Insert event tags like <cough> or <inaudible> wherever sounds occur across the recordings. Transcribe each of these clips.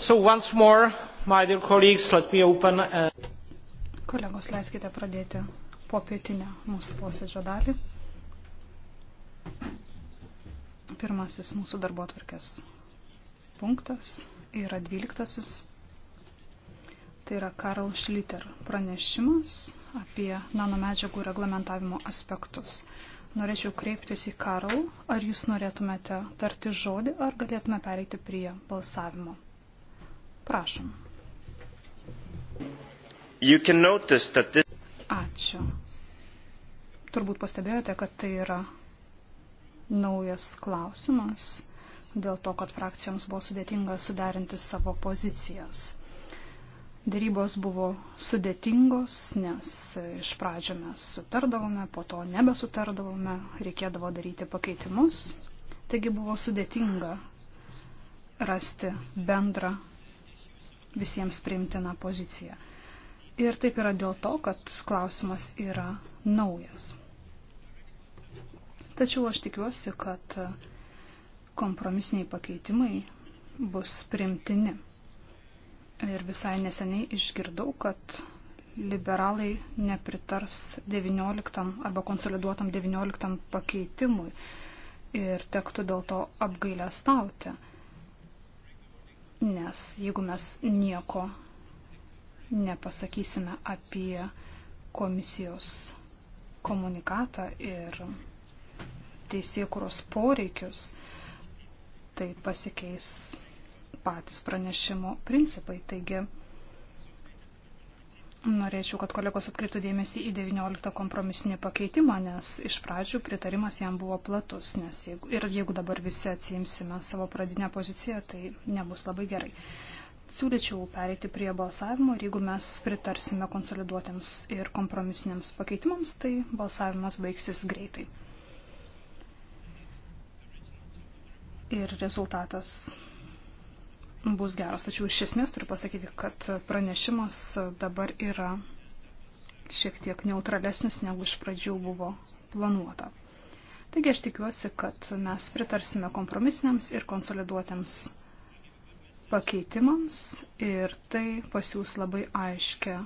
So once more, my dear colleagues, let me open. A... Uh, Kolegos, leiskite pradėti popietinę mūsų posėdžio dalį. Pirmasis mūsų darbo atvarkės punktas yra dvyliktasis. Tai yra Karl Schlitter pranešimas apie nanomedžiagų reglamentavimo aspektus. Norėčiau kreiptis į Karl, ar jūs norėtumėte tarti žodį, ar galėtume pereiti prie balsavimo. Prašom. Ačiū. Turbūt pastebėjote, kad tai yra naujas klausimas dėl to, kad frakcijoms buvo sudėtinga suderinti savo pozicijas. Dėrybos buvo sudėtingos, nes iš pradžio mes sutardavome, po to nebesutardavome, reikėdavo daryti pakeitimus, taigi buvo sudėtinga rasti bendrą visiems priimtina pozicija. Ir taip yra dėl to, kad klausimas yra naujas. Tačiau aš tikiuosi, kad kompromisiniai pakeitimai bus primtini. Ir visai neseniai išgirdau, kad liberalai nepritars 19 arba konsoliduotam 19 pakeitimui ir tektų dėl to apgailę stauti nes jeigu mes nieko nepasakysime apie komisijos komunikatą ir teisėkuros poreikius, tai pasikeis patys pranešimo principai. Taigi Norėčiau, kad kolegos atkreiptų dėmesį į 19 kompromisinį pakeitimą, nes iš pradžių pritarimas jam buvo platus, nes jeigu, ir jeigu dabar visi atsijimsime savo pradinę poziciją, tai nebus labai gerai. Siūlyčiau pereiti prie balsavimo ir jeigu mes pritarsime konsoliduotėms ir kompromisiniams pakeitimams, tai balsavimas baigsis greitai. Ir rezultatas bus geras. Tačiau iš esmės turiu pasakyti, kad pranešimas dabar yra šiek tiek neutralesnis negu iš pradžių buvo planuota. Taigi aš tikiuosi, kad mes pritarsime kompromisiniams ir konsoliduotėms pakeitimams ir tai pasiūs labai aiškia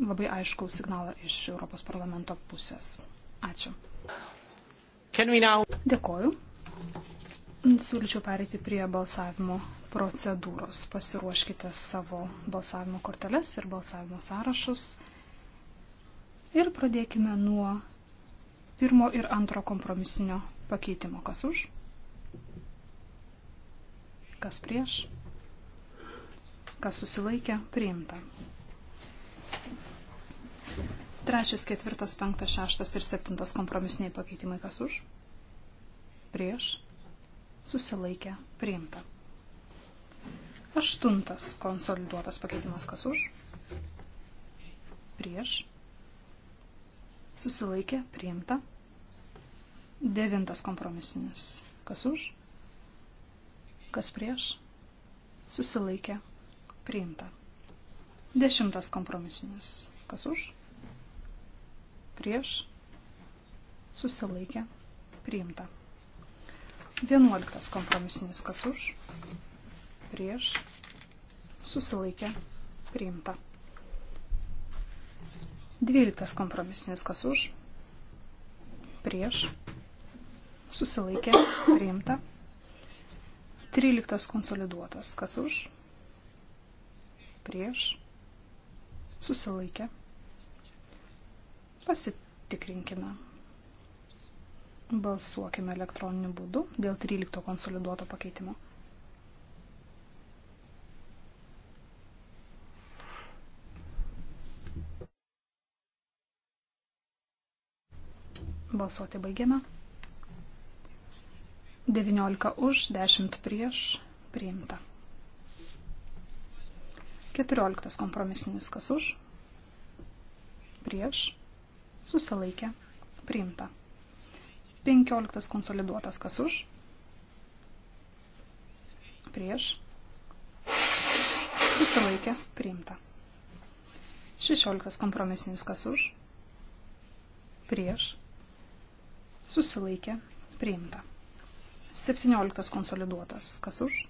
labai aiškų signalą iš Europos parlamento pusės. Ačiū. Now... Dėkoju. Siūlyčiau pereiti prie balsavimo procedūros. Pasiruoškite savo balsavimo korteles ir balsavimo sąrašus. Ir pradėkime nuo pirmo ir antro kompromisinio pakeitimo. Kas už? Kas prieš? Kas susilaikė? Priimta. Trečias, ketvirtas, penktas, šeštas ir septintas kompromisiniai pakeitimai. Kas už? Prieš? susilaikė priimta. Aštuntas konsoliduotas pakeitimas kas už, prieš, susilaikė priimta. Devintas kompromisinis kas už, kas prieš, susilaikė priimta. Dešimtas kompromisinis kas už, prieš, susilaikė priimta. 11 kompromisinis kas už, prieš, susilaikė, priimta. 12 kompromisinis kas už, prieš, susilaikė, priimta. 13 konsoliduotas kas už, prieš, susilaikė. Pasitikrinkime. Balsuokime elektroniniu būdu dėl 13 konsoliduoto pakeitimo. Balsuoti baigiame. 19 už, 10 prieš, priimta. 14 kompromisinis kas už, prieš, susilaikė, priimta. 15 konsoliduotas kas už. Prieš. Susilaikė. Priimta. 16 kompromisinis kas už. Prieš. Susilaikė. Priimta. 17 konsoliduotas kas už.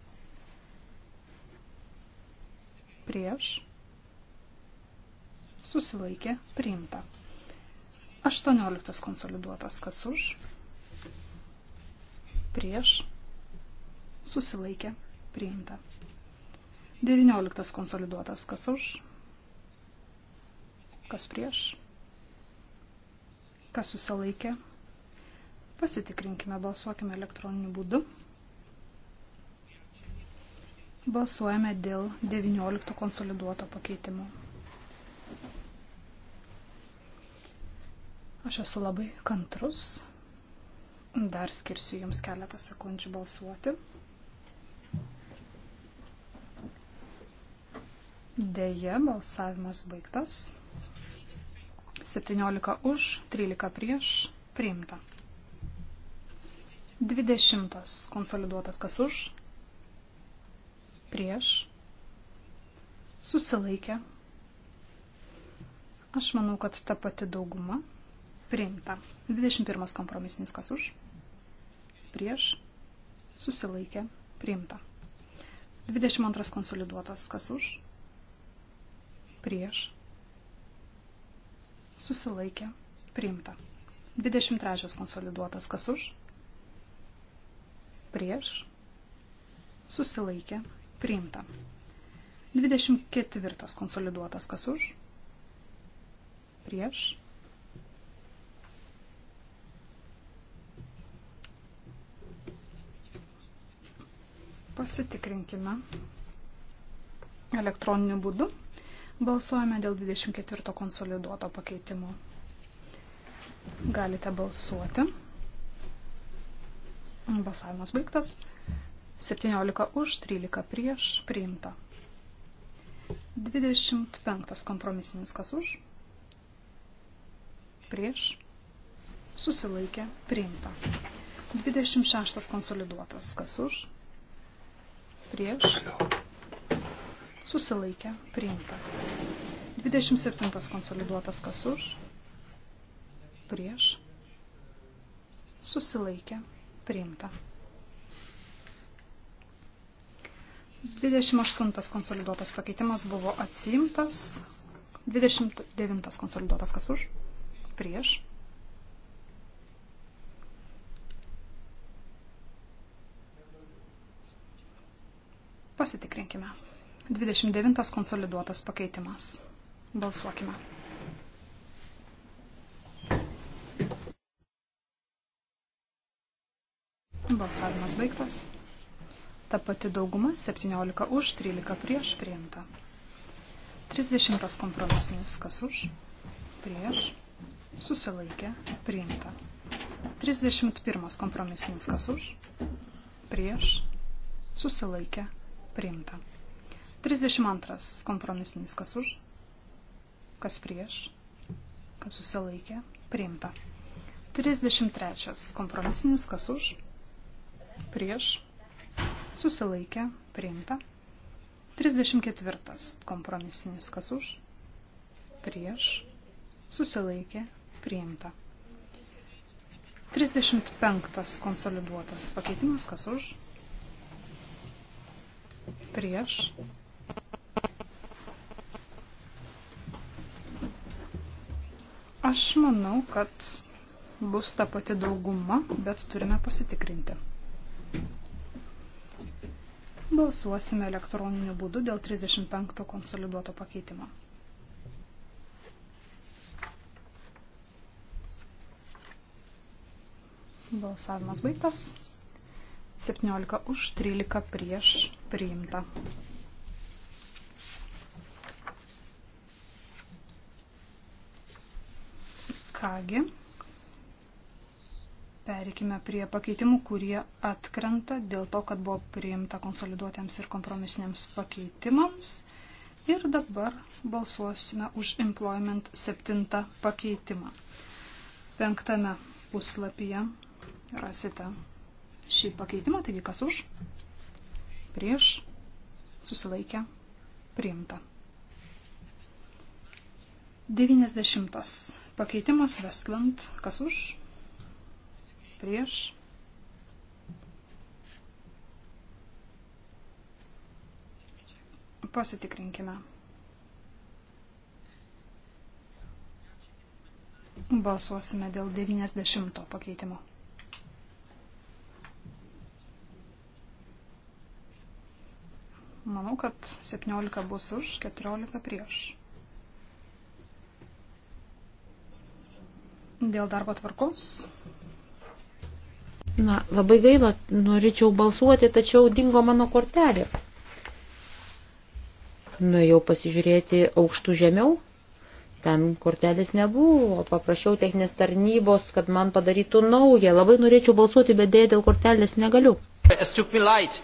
Prieš. Susilaikė. Priimta. 18 konsoliduotas kas už. Prieš prieš, susilaikė, priimta. 19 konsoliduotas, kas už, kas prieš, kas susilaikė. Pasitikrinkime, balsuokime elektroniniu būdu. Balsuojame dėl 19 konsoliduoto pakeitimo. Aš esu labai kantrus. Dar skirsiu Jums keletą sekundžių balsuoti. Deja, balsavimas baigtas. 17 už, 13 prieš, priimta. 20 konsoliduotas kas už, prieš, susilaikė. Aš manau, kad ta pati dauguma Priimta. 21 kompromisinis kas už. Prieš. Susilaikė. Priimta. 22 konsoliduotas kas už. Prieš. Susilaikė. Priimta. 23 konsoliduotas kas už. Prieš. Susilaikė. Priimta. 24 konsoliduotas kas už. Prieš Pasitikrinkime elektroniniu būdu. Balsuojame dėl 24 konsoliduoto pakeitimo. Galite balsuoti. Balsavimas baigtas. 17 už, 13 prieš, priimta. 25 kompromisinis kas už, prieš, susilaikė, priimta. 26 konsoliduotas kas už, prieš prieš, susilaikę, priimta. 27 konsoliduotas kas už, prieš, susilaikę, priimta. 28 konsoliduotas pakeitimas buvo atsiimtas, 29 konsoliduotas kas už, prieš, Pasitikrinkime. 29 konsoliduotas pakeitimas. Balsuokime. Balsavimas baigtas. Ta pati dauguma 17 už, 13 prieš priimta. 30 kompromisinis kas už, prieš, susilaikė, priimta. 31 kompromisinis kas už, prieš, susilaikė, Priimta. 32. Kompromisinis kas už, kas prieš, kas susilaikė. Priimta. 33. Kompromisinis kas už, prieš, susilaikė. Priimta. 34. Kompromisinis kas už, prieš, susilaikė. Priimta. 35. Konsoliduotas pakeitimas kas už, prieš prieš. Aš manau, kad bus ta pati dauguma, bet turime pasitikrinti. Balsuosime elektroniniu būdu dėl 35 konsoliduoto pakeitimo. Balsavimas baigtas. 17 už, 13 prieš priimta. Kągi, perikime prie pakeitimų, kurie atkrenta dėl to, kad buvo priimta konsoliduotėms ir kompromisiniams pakeitimams. Ir dabar balsuosime už employment 7 pakeitimą. Penktame puslapyje rasite šį pakeitimą, taigi kas už, prieš, susilaikę, priimta. 90. Pakeitimas Vestland. Kas už? Prieš. Pasitikrinkime. Balsuosime dėl 90 pakeitimo. Manau, kad 17 bus už, 14 prieš. Dėl darbo tvarkos. Na, labai gaila, norėčiau balsuoti, tačiau dingo mano kortelė. Nuėjau pasižiūrėti aukštų žemiau, ten kortelės nebuvo, paprašiau techninės tarnybos, kad man padarytų naują, labai norėčiau balsuoti, bet dėja dėl kortelės negaliu. Light,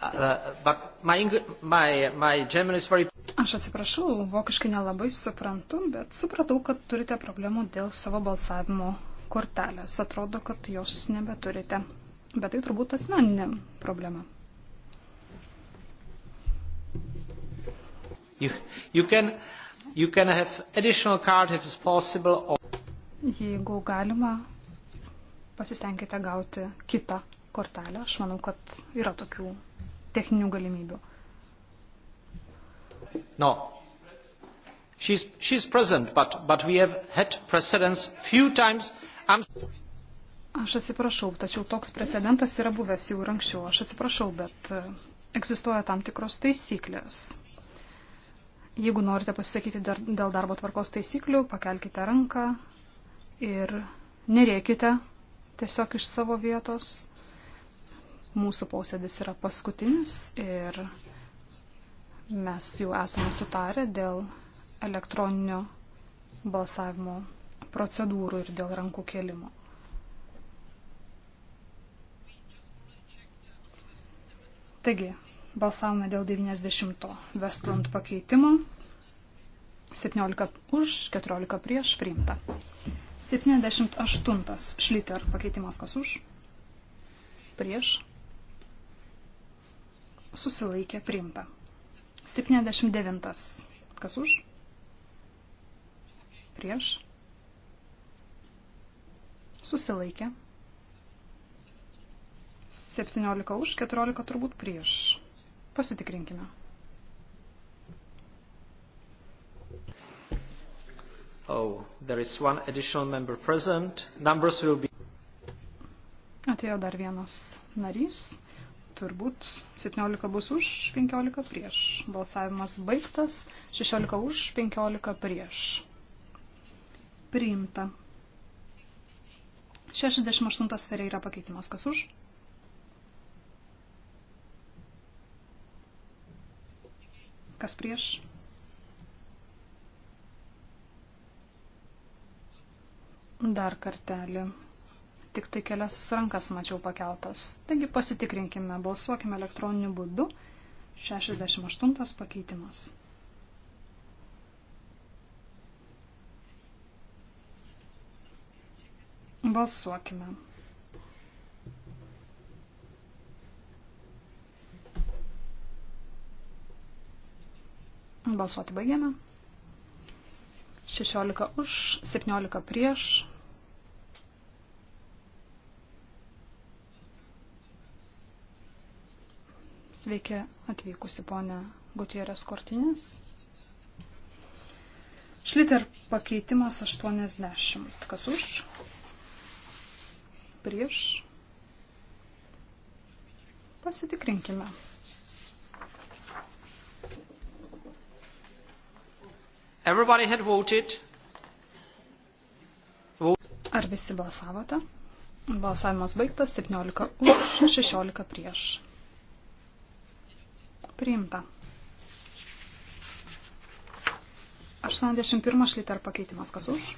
uh, but my, my, my German is very... Aš atsiprašau, vokiškai nelabai suprantu, bet supratau, kad turite problemų dėl savo balsavimo kortelės. Atrodo, kad jos nebeturite. Bet tai turbūt asmeninė problema. You, you can, you can have additional card if it's possible. Or... Jeigu galima, pasistengkite gauti kitą kortelę. Aš manau, kad yra tokių techninių galimybių. No. She's, she's present, but, but we have had precedents few times. I'm... Aš atsiprašau, tačiau toks precedentas yra buvęs jau ir anksčiau. Aš atsiprašau, bet e, egzistuoja tam tikros taisyklės. Jeigu norite pasisakyti dėl darbo tvarkos taisyklių, pakelkite ranką ir nerėkite tiesiog iš savo vietos. Mūsų posėdis yra paskutinis ir mes jau esame sutarę dėl elektroninio balsavimo procedūrų ir dėl rankų kelimo. Taigi, balsavome dėl 90 Westland pakeitimo. 17 už, 14 prieš priimta. 78 Šliter pakeitimas kas už? Prieš susilaikė priimta. 79. Kas už? Prieš. Susilaikė. 17 už, 14 turbūt prieš. Pasitikrinkime. Oh, there is one additional member present. Numbers will be. Atėjo dar vienas narys turbūt 17 bus už, 15 prieš. Balsavimas baigtas, 16 už, 15 prieš. Priimta. 68 sferė yra pakeitimas, kas už? Kas prieš? Dar kartelį tik tai kelias rankas mačiau pakeltas. Taigi pasitikrinkime, balsuokime elektroniniu būdu. 68 pakeitimas. Balsuokime. Balsuoti baigiame. 16 už, 17 prieš, Sveiki atvykusi ponė Gutierės Kortinis. Šliter pakeitimas 80. Kas už? Prieš. Pasitikrinkime. Everybody had voted. Ar visi balsavote? Balsavimas baigtas 17 už, 16 prieš. Priimta. 81 šliter pakeitimas kas už,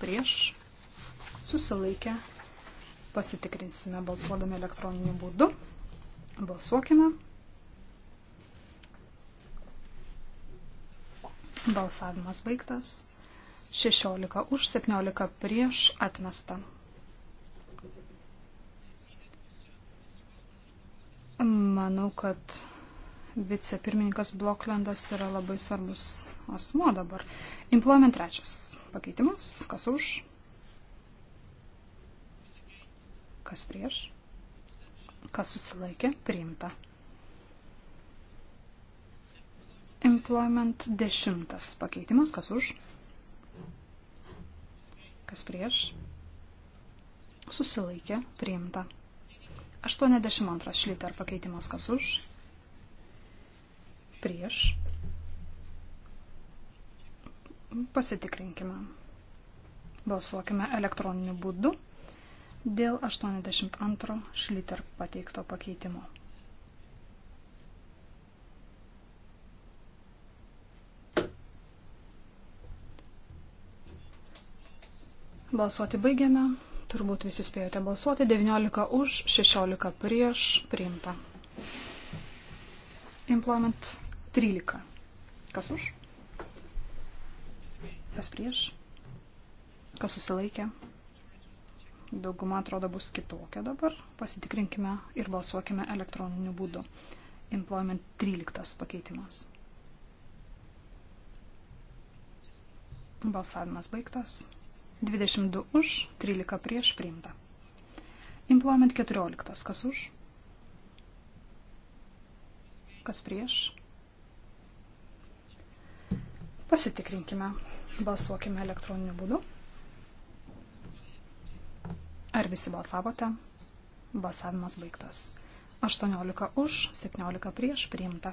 prieš, susilaikę, pasitikrinsime balsuodami elektroniniu būdu, balsuokime, balsavimas baigtas, 16 už, 17 prieš, atmesta. Manau, kad vicepirmininkas Bloklendas yra labai svarbus asmo dabar. Employment trečias pakeitimas. Kas už? Kas prieš? Kas susilaikė? Priimta. Employment dešimtas pakeitimas. Kas už? Kas prieš? Susilaikė. Priimta. 82 šliter pakeitimas. Kas už? prieš. Pasitikrinkime. Balsuokime elektroniniu būdu dėl 82 šliter pateikto pakeitimo. Balsuoti baigiame. Turbūt visi spėjote balsuoti. 19 už, 16 prieš, priimta. Employment 13. Kas už? Kas prieš? Kas susilaikė? Dauguma atrodo bus kitokia dabar. Pasitikrinkime ir balsuokime elektroniniu būdu. Employment 13 pakeitimas. Balsavimas baigtas. 22 už, 13 prieš priimta. Employment 14. Kas už? Kas prieš? Pasitikrinkime. Balsuokime elektroniniu būdu. Ar visi balsavote? Balsavimas baigtas. 18 už, 17 prieš priimta.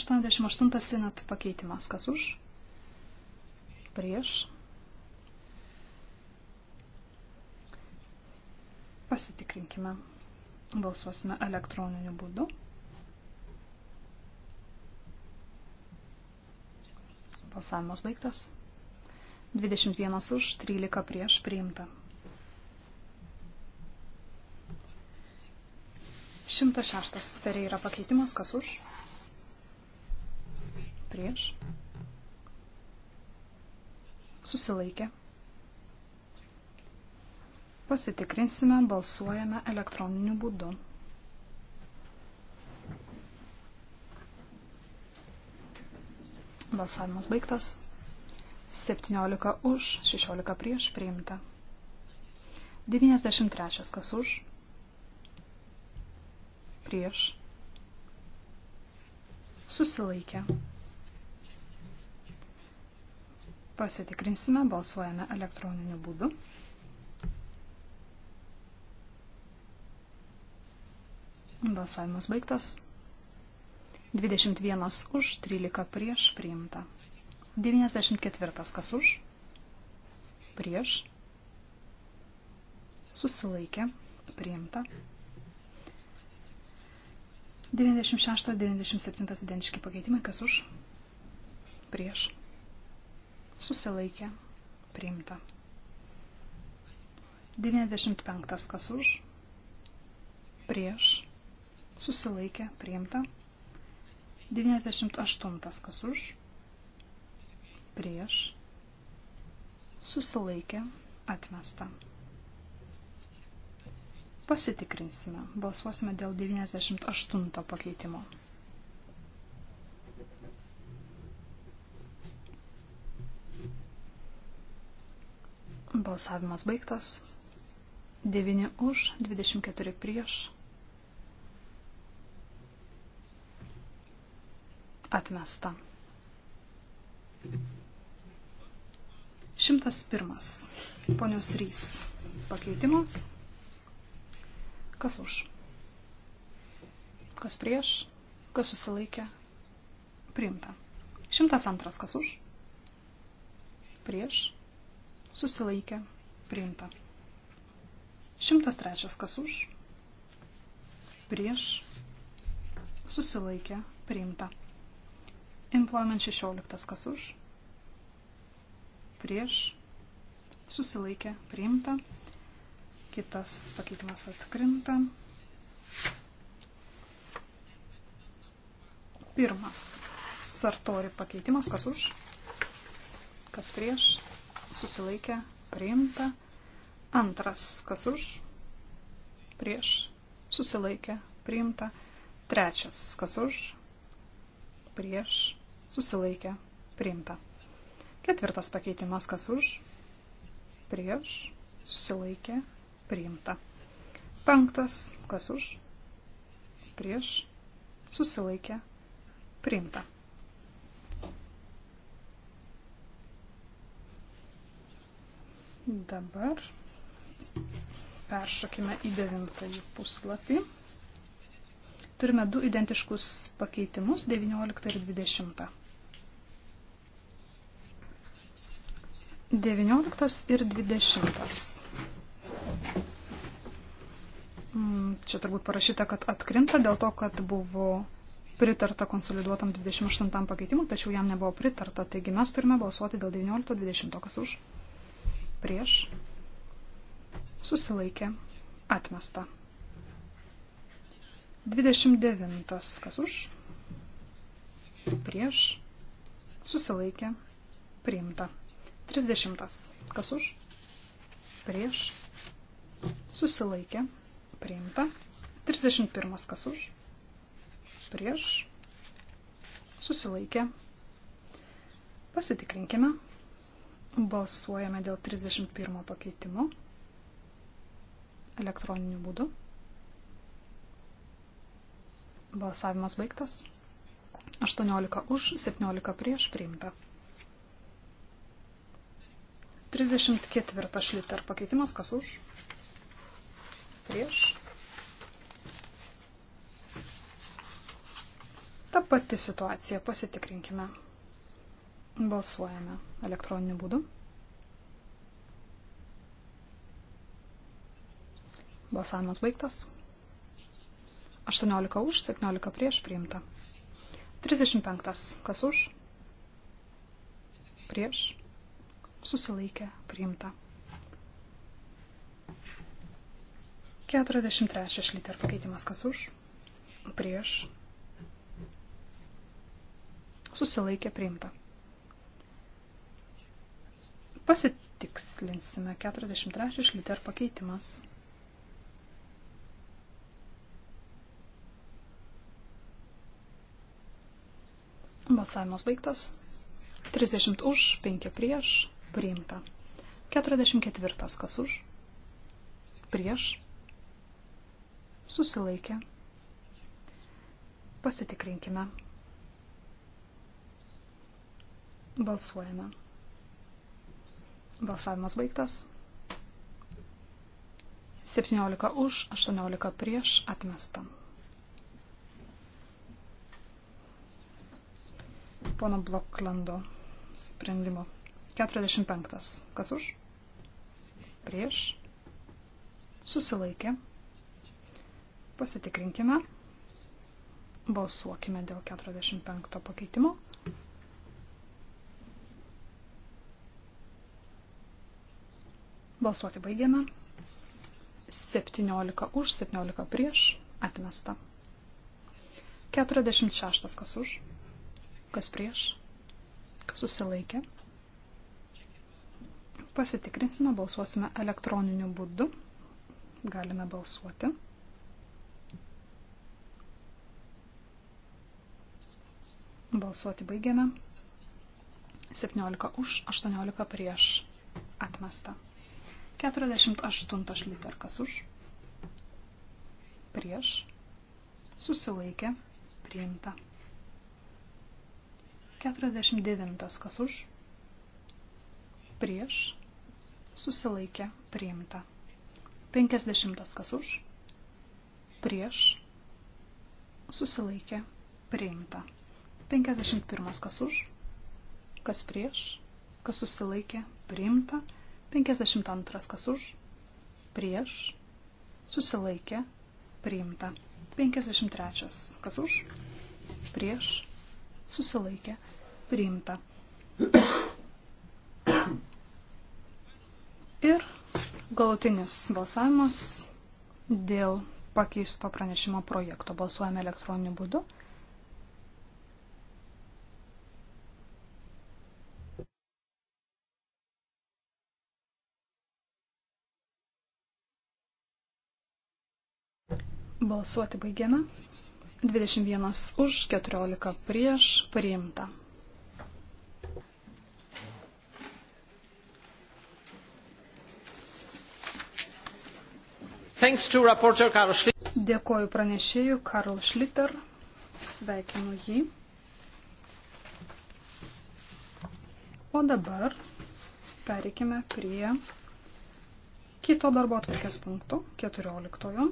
88 sinat pakeitimas. Kas už? Prieš. Pasitikrinkime. Balsuosime elektroniniu būdu. Balsavimas baigtas. 21 už, 13 prieš priimta. 106 teriai yra pakeitimas, kas už? Prieš. Susilaikė. Pasitikrinsime, balsuojame elektroniniu būdu. Balsavimas baigtas. 17 už, 16 prieš priimta. 93 kas už. Prieš. Susilaikė. Pasitikrinsime, balsuojame elektroniniu būdu. Balsavimas baigtas. 21 už, 13 prieš priimta. 94 kas už, prieš, susilaikė, priimta. 96-97 identiški pakeitimai, kas už, prieš, susilaikė, priimta. 95 kas už, prieš, susilaikė, priimta. 98 kas už, prieš, susilaikė, atmesta. Pasitikrinsime, balsuosime dėl 98 pakeitimo. Balsavimas baigtas. 9 už, 24 prieš, Atmesta. 101. Ponios Rys. Pakeitimas. Kas už? Kas prieš? Kas susilaikė? Priimta. 102. Kas už? Prieš? Susilaikė? Priimta. 103. Kas už? Prieš? Susilaikė? Priimta. Employment 16 kas už, prieš, susilaikė, priimta, kitas pakeitimas atkrinta. Pirmas sartori pakeitimas kas už, kas prieš, susilaikė, priimta. Antras kas už, prieš, susilaikė, priimta. Trečias kas už, prieš, susilaikė, priimta. Ketvirtas pakeitimas, kas už, prieš, susilaikė, priimta. Penktas, kas už, prieš, susilaikė, priimta. Dabar peršokime į devintąjį puslapį. Turime du identiškus pakeitimus 19 ir 20. 19 ir 20. Mm, čia turbūt parašyta, kad atkrinta dėl to, kad buvo pritarta konsoliduotam 28 pakeitimui, tačiau jam nebuvo pritarta. Taigi mes turime balsuoti dėl 19-20, kas už, prieš, susilaikė, atmesta. 29, kas už, prieš, susilaikė, priimta. 30. Kas už? Prieš. Susilaikė. Priimta. 31. Kas už? Prieš. Susilaikė. Pasitikrinkime. Balsuojame dėl 31 pakeitimo elektroniniu būdu. Balsavimas baigtas. 18 už, 17 prieš priimta. 34 šliter pakeitimas, kas už? Prieš. Ta pati situacija, pasitikrinkime. Balsuojame elektroniniu būdu. Balsavimas baigtas. 18 už, 17 prieš priimta. 35. Kas už? Prieš susilaikė priimta. 43 šliter pakeitimas kas už, prieš, susilaikė priimta. Pasitikslinsime 43 šliter pakeitimas. Balsavimas baigtas. 30 už, 5 prieš, priimta. 44. Kas už? Prieš. Susilaikė. Pasitikrinkime. Balsuojame. Balsavimas baigtas. 17 už, 18 prieš atmestą. Pono Bloklando sprendimo 45. Kas už? Prieš. Susilaikė. Pasitikrinkime. Balsuokime dėl 45 pakeitimo. Balsuoti baigiame. 17 už, 17 prieš, atmesta. 46 kas už, kas prieš, kas susilaikė, Pasitikrinsime, balsuosime elektroniniu būdu. Galime balsuoti. Balsuoti baigiame. 17 už, 18 prieš atmesta. 48 šliterkas už, prieš, susilaikė, priimta. 49 kas už, prieš, susilaikė priimta. 50 kas už, prieš, susilaikė priimta. 51 kas už, kas prieš, kas susilaikė priimta. 52 kas už, prieš, susilaikė priimta. 53 kas už, prieš, susilaikė priimta. galutinis balsavimas dėl pakeisto pranešimo projekto. Balsuojame elektroniniu būdu. Balsuoti baigiame. 21 už, 14 prieš, priimta. Dėkoju pranešėjų Karl Schlitter. Sveikinu jį. O dabar pereikime prie kito darbo atvarkės punkto, 14.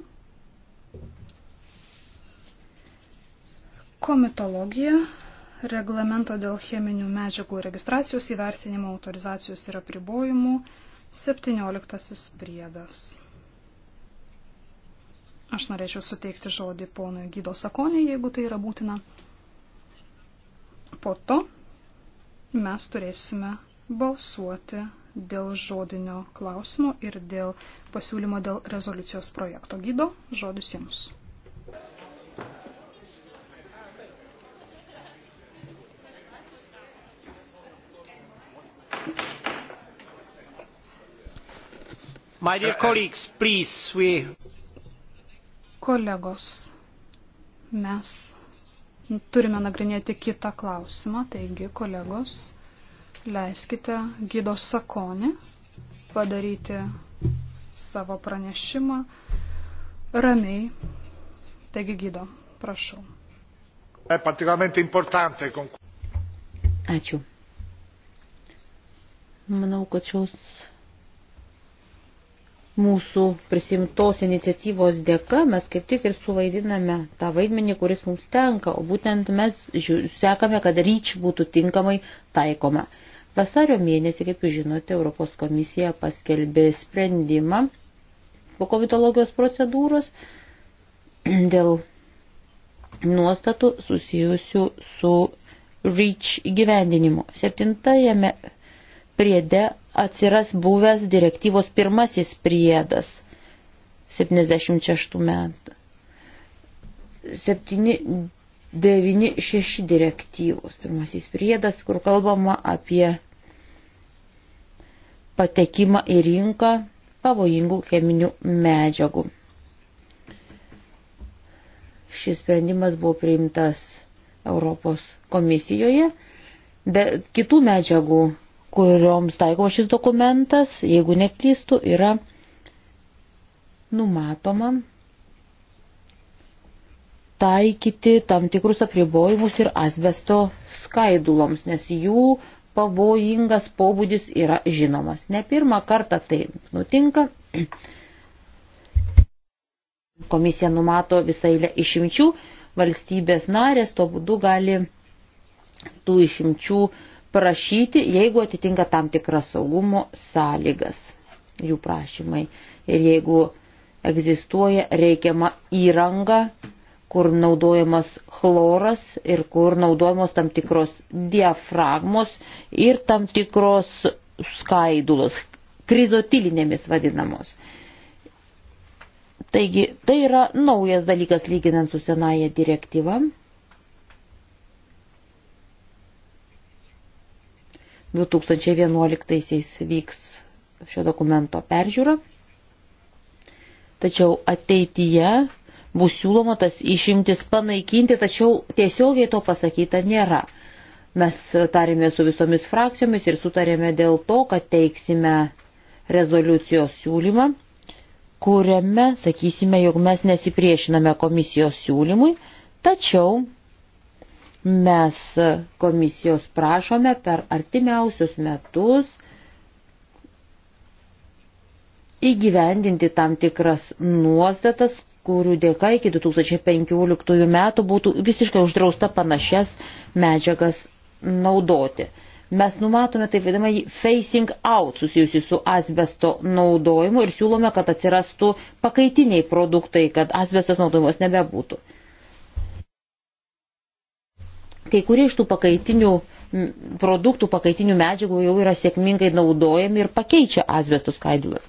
Komitologija, reglamento dėl cheminių medžiagų registracijos įvertinimo autorizacijos ir apribojimų, 17 priedas. Aš norėčiau suteikti žodį ponui Gydo Sakonė, jeigu tai yra būtina. Po to mes turėsime balsuoti dėl žodinio klausimo ir dėl pasiūlymo dėl rezoliucijos projekto. Gydo, žodis jums. My dear colleagues, please, we Kolegos, mes turime nagrinėti kitą klausimą, taigi kolegos, leiskite Gido Sakonį padaryti savo pranešimą ramiai. Taigi Gido, prašau. Ačiū. Manau, kad šios Mūsų prisimtos iniciatyvos dėka mes kaip tik ir suvaidiname tą vaidmenį, kuris mums tenka, o būtent mes sekame, kad ryč būtų tinkamai taikoma. Vasario mėnesį, kaip jūs žinote, Europos komisija paskelbė sprendimą po komitologijos procedūros dėl nuostatų susijusių su REACH įgyvendinimu. Septintajame priede atsiras buvęs direktyvos pirmasis priedas 76 metų. 796 direktyvos pirmasis priedas, kur kalbama apie patekimą į rinką pavojingų cheminių medžiagų. Šis sprendimas buvo priimtas Europos komisijoje, bet kitų medžiagų kurioms taikomas šis dokumentas, jeigu neklystų, yra numatoma taikyti tam tikrus apribojimus ir asbesto skaiduloms, nes jų pavojingas pobūdis yra žinomas. Ne pirmą kartą tai nutinka. Komisija numato visą eilę išimčių, valstybės narės to būdu gali tų išimčių uh, prašyti, jeigu atitinka tam tikras saugumo sąlygas jų prašymai. Ir jeigu egzistuoja reikiama įranga, kur naudojamas chloras ir kur naudojamos tam tikros diafragmos ir tam tikros skaidulos, krizotilinėmis vadinamos. Taigi tai yra naujas dalykas lyginant su senaja direktyva. 2011 vyks šio dokumento peržiūra. Tačiau ateityje bus siūloma tas išimtis panaikinti, tačiau tiesiogiai to pasakyta nėra. Mes tarėme su visomis frakcijomis ir sutarėme dėl to, kad teiksime rezoliucijos siūlymą, kuriame sakysime, jog mes nesipriešiname komisijos siūlymui, tačiau Mes komisijos prašome per artimiausius metus įgyvendinti tam tikras nuostatas, kurių dėka iki 2015 metų būtų visiškai uždrausta panašias medžiagas naudoti mes numatome taip vadinamąjį facing out susijusi su asbesto naudojimu ir siūlome, kad atsirastų pakaitiniai produktai, kad asbestas naudojimas nebebūtų. Kai kurie iš tų pakaitinių produktų, pakaitinių medžiagų jau yra sėkmingai naudojami ir pakeičia asbestų skaidulas.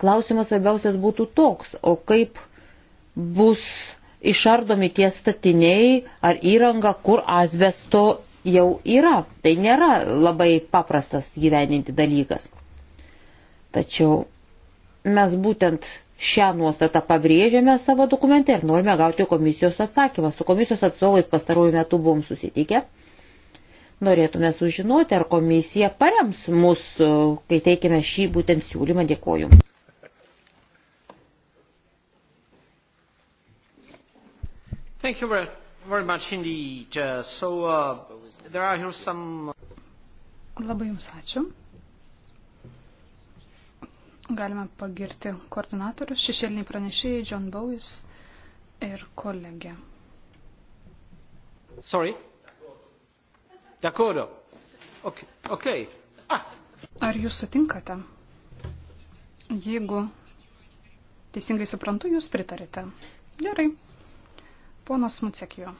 Klausimas svarbiausias būtų toks, o kaip bus išardomi tie statiniai ar įranga, kur asbesto jau yra. Tai nėra labai paprastas gyveninti dalykas. Tačiau mes būtent šią nuostatą pabrėžėme savo dokumente ir norime gauti komisijos atsakymą. Su komisijos atstovais pastaruoju metu buvom susitikę. Norėtume sužinoti, ar komisija parems mus, e, kai teikime šį būtent siūlymą. Dėkoju. Thank you very, very much indeed. Uh, so, uh, there are here some... Labai jums ačiū galime pagirti koordinatorius, šešėliniai pranešėjai John Bowis ir kolegė. Sorry. D'accordo. Okay. okay. Ah. Ar jūs sutinkate? Jeigu teisingai suprantu, jūs pritarite. Gerai. Ponas Mucekijo.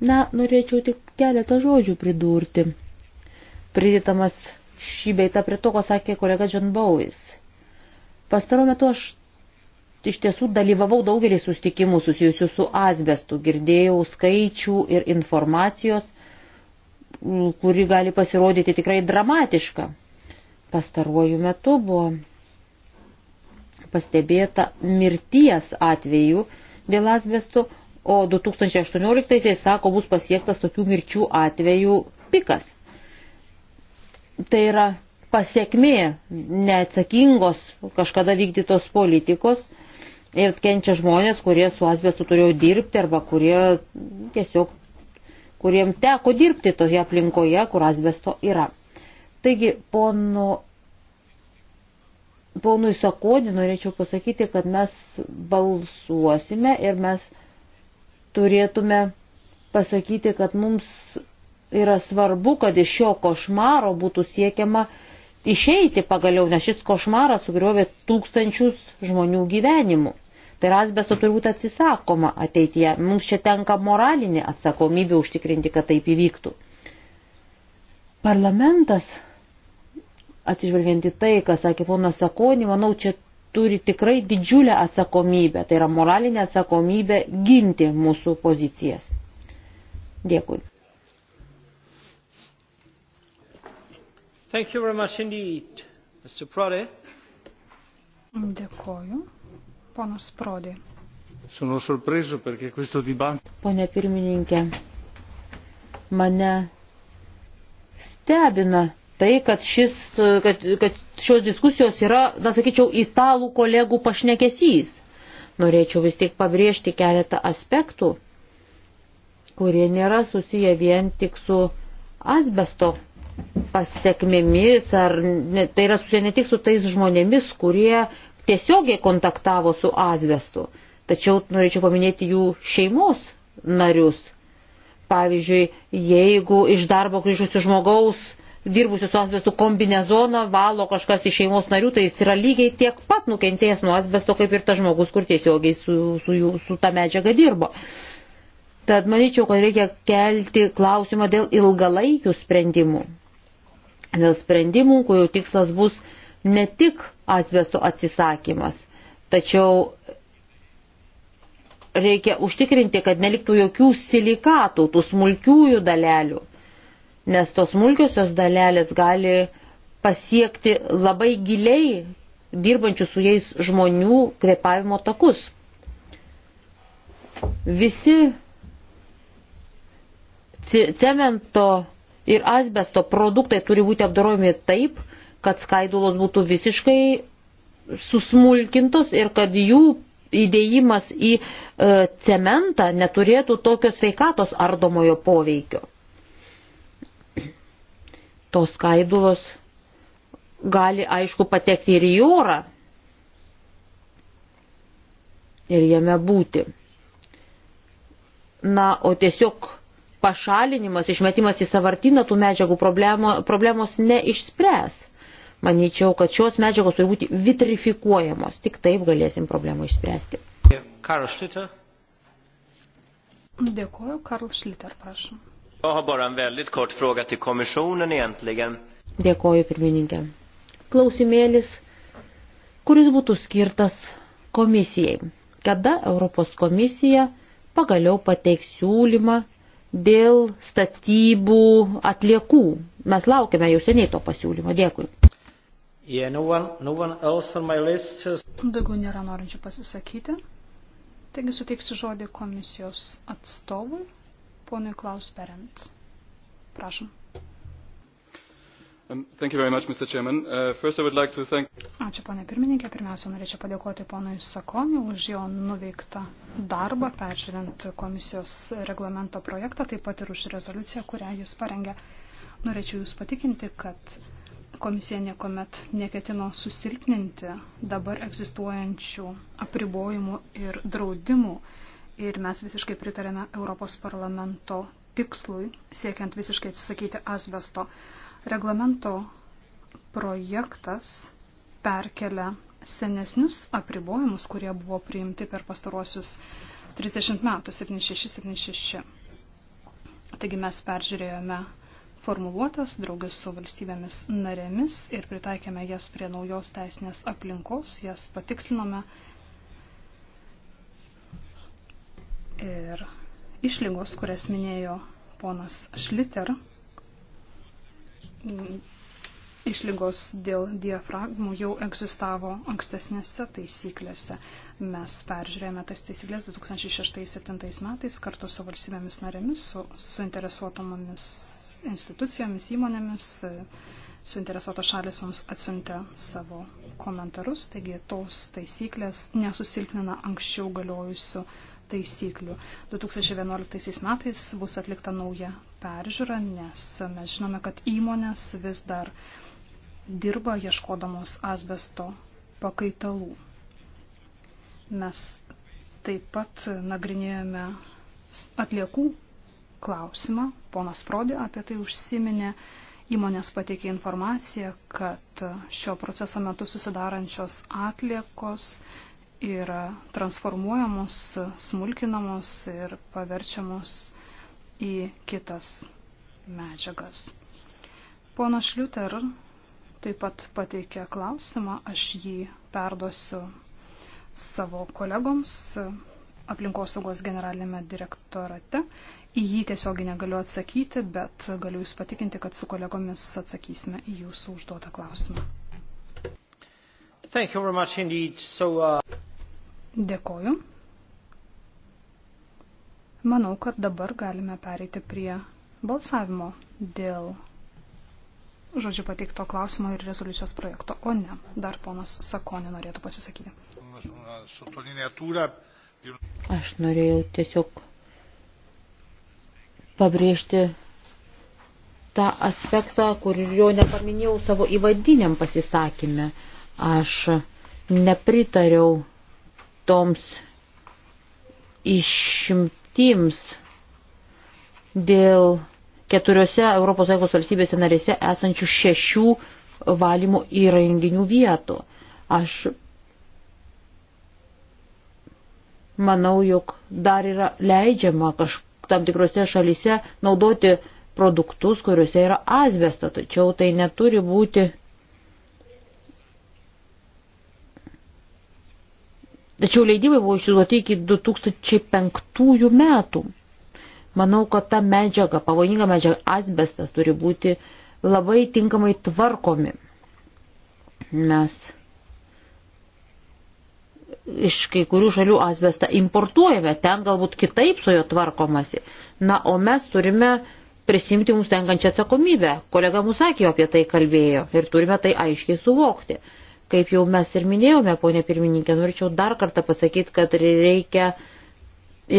Na, norėčiau tik keletą žodžių pridurti. Pridėtamas šį beitą prie to, ko sakė kolega John Bowis. Pastaruo metu aš iš tiesų dalyvavau daugelį sustikimų susijusių su asbestu, girdėjau skaičių ir informacijos, kuri gali pasirodyti tikrai dramatiška. Pastaruoju metu buvo pastebėta mirties atveju dėl asbestų, o 2018-aisiais, sako, bus pasiektas tokių mirčių atvejų pikas tai yra pasiekmė neatsakingos kažkada vykdytos politikos ir kenčia žmonės, kurie su asbestu turėjo dirbti arba kurie tiesiog, kuriem teko dirbti toje aplinkoje, kur asbesto yra. Taigi, pono, ponui Sakodį norėčiau pasakyti, kad mes balsuosime ir mes turėtume pasakyti, kad mums yra svarbu, kad iš šio košmaro būtų siekiama išeiti pagaliau, nes šis košmaras sugriovė tūkstančius žmonių gyvenimų. Tai rasbeso turbūt atsisakoma ateityje. Mums čia tenka moralinė atsakomybė užtikrinti, kad taip įvyktų. Parlamentas, atsižvelgiant į tai, ką sakė ponas Sakonį, manau, čia turi tikrai didžiulę atsakomybę. Tai yra moralinė atsakomybė ginti mūsų pozicijas. Dėkui. Thank you very much indeed, Mr. Prodi. Dėkoju, ponas Prodi. Sono sorpreso perché questo dibattito. Pone pirmininkė, mane stebina tai, kad, šis, kad, kad šios diskusijos yra, na sakyčiau, italų kolegų pašnekesys. Norėčiau vis tik pabrėžti keletą aspektų, kurie nėra susiję vien tik su asbesto pasiekmėmis, ar ne, tai yra susiję ne tik su tais žmonėmis, kurie tiesiogiai kontaktavo su azvestu, tačiau norėčiau paminėti jų šeimos narius. Pavyzdžiui, jeigu iš darbo grįžusių žmogaus dirbusių su asbestu kombinezoną valo kažkas iš šeimos narių, tai jis yra lygiai tiek pat nukentėjęs nuo asbesto, kaip ir tas žmogus, kur tiesiogiai su, su, jų, su ta medžiaga dirbo. Tad manyčiau, kad reikia kelti klausimą dėl ilgalaikių sprendimų dėl sprendimų, kurių tikslas bus ne tik asbesto atsisakymas, tačiau reikia užtikrinti, kad neliktų jokių silikatų, tų smulkiųjų dalelių, nes tos smulkiosios dalelės gali pasiekti labai giliai dirbančių su jais žmonių kvepavimo takus. Visi cemento ir asbesto produktai turi būti apdorojami taip, kad skaidulos būtų visiškai susmulkintos ir kad jų įdėjimas į e, cementą neturėtų tokio sveikatos ardomojo poveikio. Tos skaidulos gali, aišku, patekti ir į orą ir jame būti. Na, o tiesiog pašalinimas, išmetimas į savartyną tų medžiagų problemo, problemos neišspręs. Manyčiau, kad šios medžiagos turi būti vitrifikuojamos. Tik taip galėsim problemą išspręsti. Dėkuoju, Karl Schlitter, prašom. Dėkuoju, pirmininkė. Klausimėlis, kuris būtų skirtas komisijai. Kada Europos komisija pagaliau pateiks siūlymą dėl statybų atliekų. Mes laukiame jau seniai to pasiūlymo. Dėkui. Yeah, no one, no one on Daugiau nėra norinčių pasisakyti. Taigi suteiksiu žodį komisijos atstovui, ponui Klaus Perent. Prašom. Um, much, uh, like thank... Ačiū, ponė pirmininkė. Pirmiausia, norėčiau padėkoti ponui Sakoniu už jo nuveiktą darbą, peržiūrint komisijos reglamento projektą, taip pat ir už rezoliuciją, kurią jis parengė. Norėčiau Jūs patikinti, kad komisija niekuomet neketino susilpninti dabar egzistuojančių apribojimų ir draudimų. Ir mes visiškai pritarėme Europos parlamento tikslui, siekiant visiškai atsisakyti asbesto. Uh, Reglamento projektas perkelia senesnius apribojimus, kurie buvo priimti per pastaruosius 30 metų 76-76. Taigi mes peržiūrėjome formuluotas draugės su valstybėmis narėmis ir pritaikėme jas prie naujos teisinės aplinkos, jas patikslinome ir išlygos, kurias minėjo ponas Šliter, Išlygos dėl diafragmų jau egzistavo ankstesnėse taisyklėse. Mes peržiūrėjome tas taisyklės 2006-2007 metais kartu su valstybėmis narėmis, su suinteresuotomomis institucijomis, įmonėmis. Suinteresuotos šalis mums atsiuntė savo komentarus, taigi tos taisyklės nesusilpnina anksčiau galiojusių taisyklių. 2011 metais bus atlikta nauja peržiūra, nes mes žinome, kad įmonės vis dar dirba ieškodamos asbesto pakaitalų. Mes taip pat nagrinėjome atliekų klausimą. Ponas Prodi apie tai užsiminė. Įmonės pateikė informaciją, kad šio proceso metu susidarančios atliekos yra transformuojamos, smulkinamos ir paverčiamos į kitas medžiagas. Pona Šliuter taip pat pateikė klausimą, aš jį perduosiu savo kolegoms aplinkosaugos generalinėme direktorate. Į jį tiesiog negaliu atsakyti, bet galiu Jūs patikinti, kad su kolegomis atsakysime į Jūsų užduotą klausimą. Thank you very much indeed. So, uh... Dėkoju. Manau, kad dabar galime pereiti prie balsavimo dėl žodžiu pateikto klausimo ir rezoliucijos projekto, o ne dar ponas Sakonė norėtų pasisakyti. Aš norėjau tiesiog pabrėžti tą aspektą, kur jo nepaminėjau savo įvadiniam pasisakymę. Aš nepritariau toms išimtims dėl keturiose ES valstybėse narėse esančių šešių valymo įrenginių vietų. Aš manau, jog dar yra leidžiama kažkur tam tikrose šalyse naudoti produktus, kuriuose yra asbesto, tačiau tai neturi būti Tačiau leidimai buvo išduoti iki 2005 metų. Manau, kad ta medžiaga, pavojinga medžiaga, asbestas turi būti labai tinkamai tvarkomi. Mes iš kai kurių šalių asbestą importuojame, ten galbūt kitaip su jo tvarkomasi. Na, o mes turime prisimti mums tenkančią atsakomybę. Kolega mūsų sakė apie tai kalbėjo ir turime tai aiškiai suvokti. Kaip jau mes ir minėjome, ponė pirmininkė, norėčiau dar kartą pasakyti, kad reikia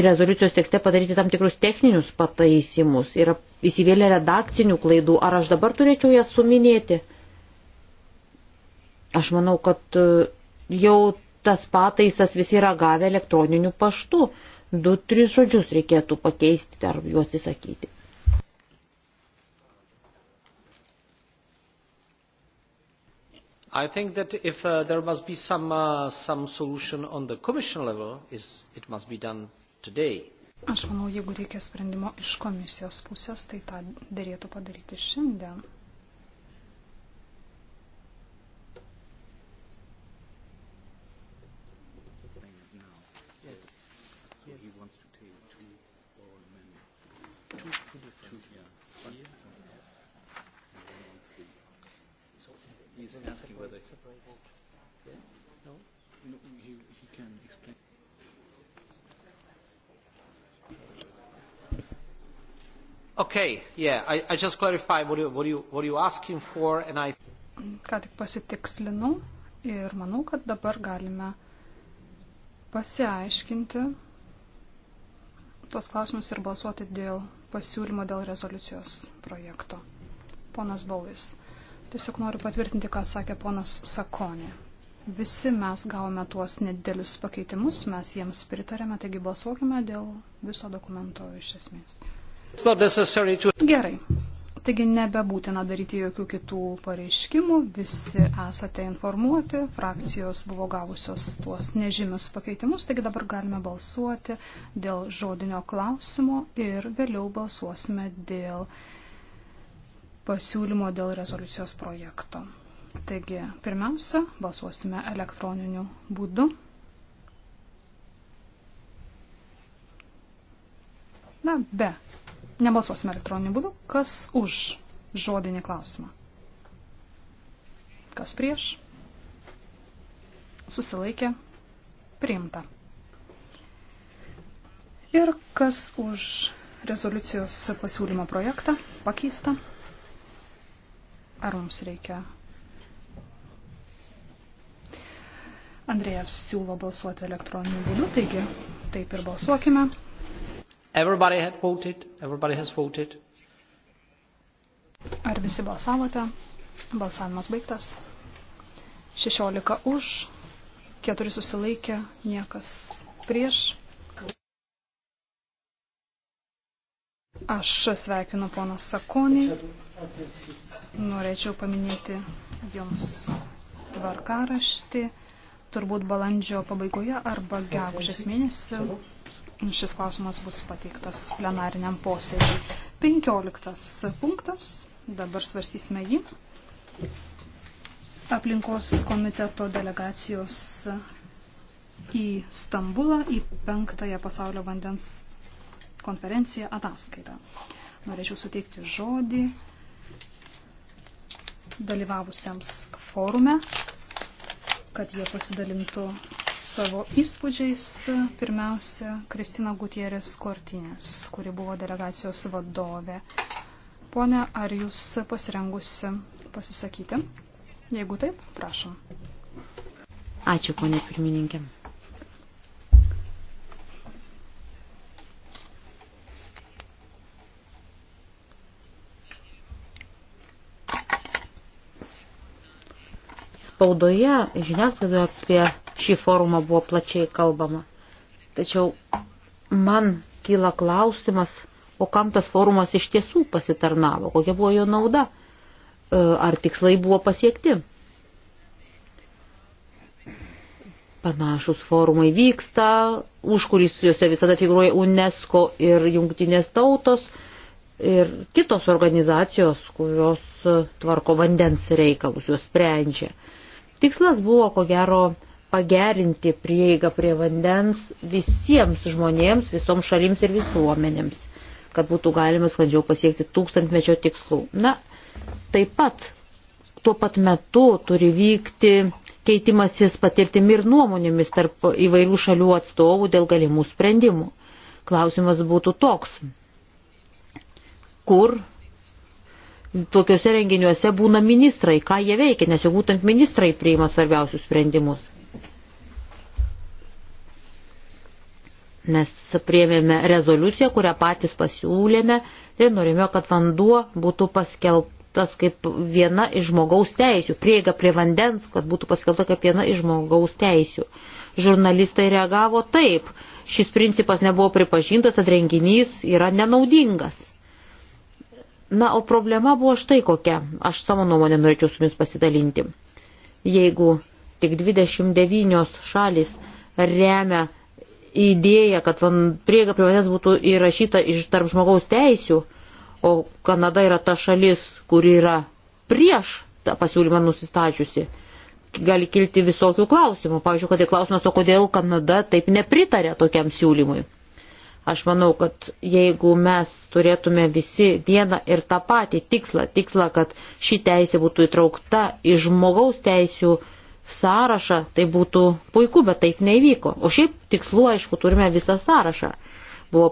rezoliucijos tekste padaryti tam tikrus techninius pataisimus. Yra įsivėlė redaktinių klaidų. Ar aš dabar turėčiau jas suminėti? Aš manau, kad e, jau tas pataisas visi yra gavę elektroniniu paštu. Du, tris žodžius reikėtų pakeisti ar juos įsakyti. I think that if uh, there must be some, uh, some solution on the Commission level, is, it must be done today. Aš manau, jeigu reikia sprendimo iš komisijos pusės, tai tą dėlėtų padaryti šiandien. a separate vote. Yeah? No? No, he, he can explain. Okay, yeah, I, I just clarify what you, what you, what you asking for and I... Ką tik pasitikslinau ir manau, kad dabar galime pasiaiškinti tos klausimus ir balsuoti dėl pasiūlymo dėl rezoliucijos projekto. Ponas Bauvis. Tiesiog noriu patvirtinti, ką sakė ponas Sakonė. Visi mes gavome tuos nedidelius pakeitimus, mes jiems pritarėme, taigi balsuokime dėl viso dokumento iš esmės. To... Gerai. Taigi nebebūtina daryti jokių kitų pareiškimų, visi esate informuoti, frakcijos buvo gavusios tuos nežymius pakeitimus, taigi dabar galime balsuoti dėl žodinio klausimo ir vėliau balsuosime dėl pasiūlymo dėl rezoliucijos projekto. Taigi, pirmiausia, balsuosime elektroniniu būdu. Na, be. Nebalsuosime elektroniniu būdu. Kas už žodinį klausimą? Kas prieš? Susilaikė. Priimta. Ir kas už rezoliucijos pasiūlymo projektą pakeista? Ar mums reikia? Andrėjas siūlo balsuoti elektroniniu būdu, taigi taip ir balsuokime. Everybody had voted. Everybody has voted. Ar visi balsavote? Balsavimas baigtas. 16 už, 4 susilaikė, niekas prieš. Aš sveikinu poną Sakonį. Norėčiau paminėti Jums tvarkaraštį. Turbūt balandžio pabaigoje arba gegužės mėnesį šis klausimas bus pateiktas plenariniam posėdžiui. 15 punktas. Dabar svarstysime jį. Aplinkos komiteto delegacijos į Stambulą, į penktąją pasaulio vandens konferenciją ataskaitą. Norėčiau suteikti žodį dalyvavusiems forume, kad jie pasidalintų savo įspūdžiais. Pirmiausia, Kristina Gutierės Kortinės, kuri buvo delegacijos vadovė. Pone, ar jūs pasirengusi pasisakyti? Jeigu taip, prašom. Ačiū, ponė pirmininkė. spaudoje, žiniasklaidoje apie šį forumą buvo plačiai kalbama. Tačiau man kyla klausimas, o kam tas forumas iš tiesų pasitarnavo, kokia buvo jo nauda, e, ar tikslai buvo pasiekti. Panašus forumai vyksta, už kuris juose visada figuruoja UNESCO ir jungtinės tautos ir kitos organizacijos, kurios tvarko vandens reikalus, juos sprendžia. Tikslas buvo, ko gero, pagerinti prieigą prie vandens visiems žmonėms, visoms šalims ir visuomenėms, kad būtų galima sklandžiau pasiekti tūkstantmečio tikslų. Na, taip pat tuo pat metu turi vykti keitimasis patirtimi ir nuomonėmis tarp įvairių šalių atstovų dėl galimų sprendimų. Klausimas būtų toks, kur tokiuose renginiuose būna ministrai, ką jie veikia, nes jau būtent ministrai priima svarbiausius sprendimus. Mes priėmėme rezoliuciją, kurią patys pasiūlėme ir norime, kad vanduo būtų paskelbtas kaip viena iš žmogaus teisių, prieiga prie vandens, kad būtų paskelbta kaip viena iš žmogaus teisių. Žurnalistai reagavo taip, šis principas nebuvo pripažintas, tad renginys yra nenaudingas. Na, o problema buvo štai kokia. Aš savo nuomonę norėčiau su jumis pasidalinti. Jeigu tik 29 šalis remia idėją, kad prieiga prie vandens būtų įrašyta iš tarp žmogaus teisių, o Kanada yra ta šalis, kuri yra prieš tą pasiūlymą nusistačiusi, gali kilti visokių klausimų. Pavyzdžiui, kodėl klausimas, o kodėl Kanada taip nepritarė tokiam siūlymui. Aš manau, kad jeigu mes turėtume visi vieną ir tą patį tikslą, tikslą, kad ši teisė būtų įtraukta į žmogaus teisių sąrašą, tai būtų puiku, bet taip nevyko. O šiaip tikslų, aišku, turime visą sąrašą. Buvo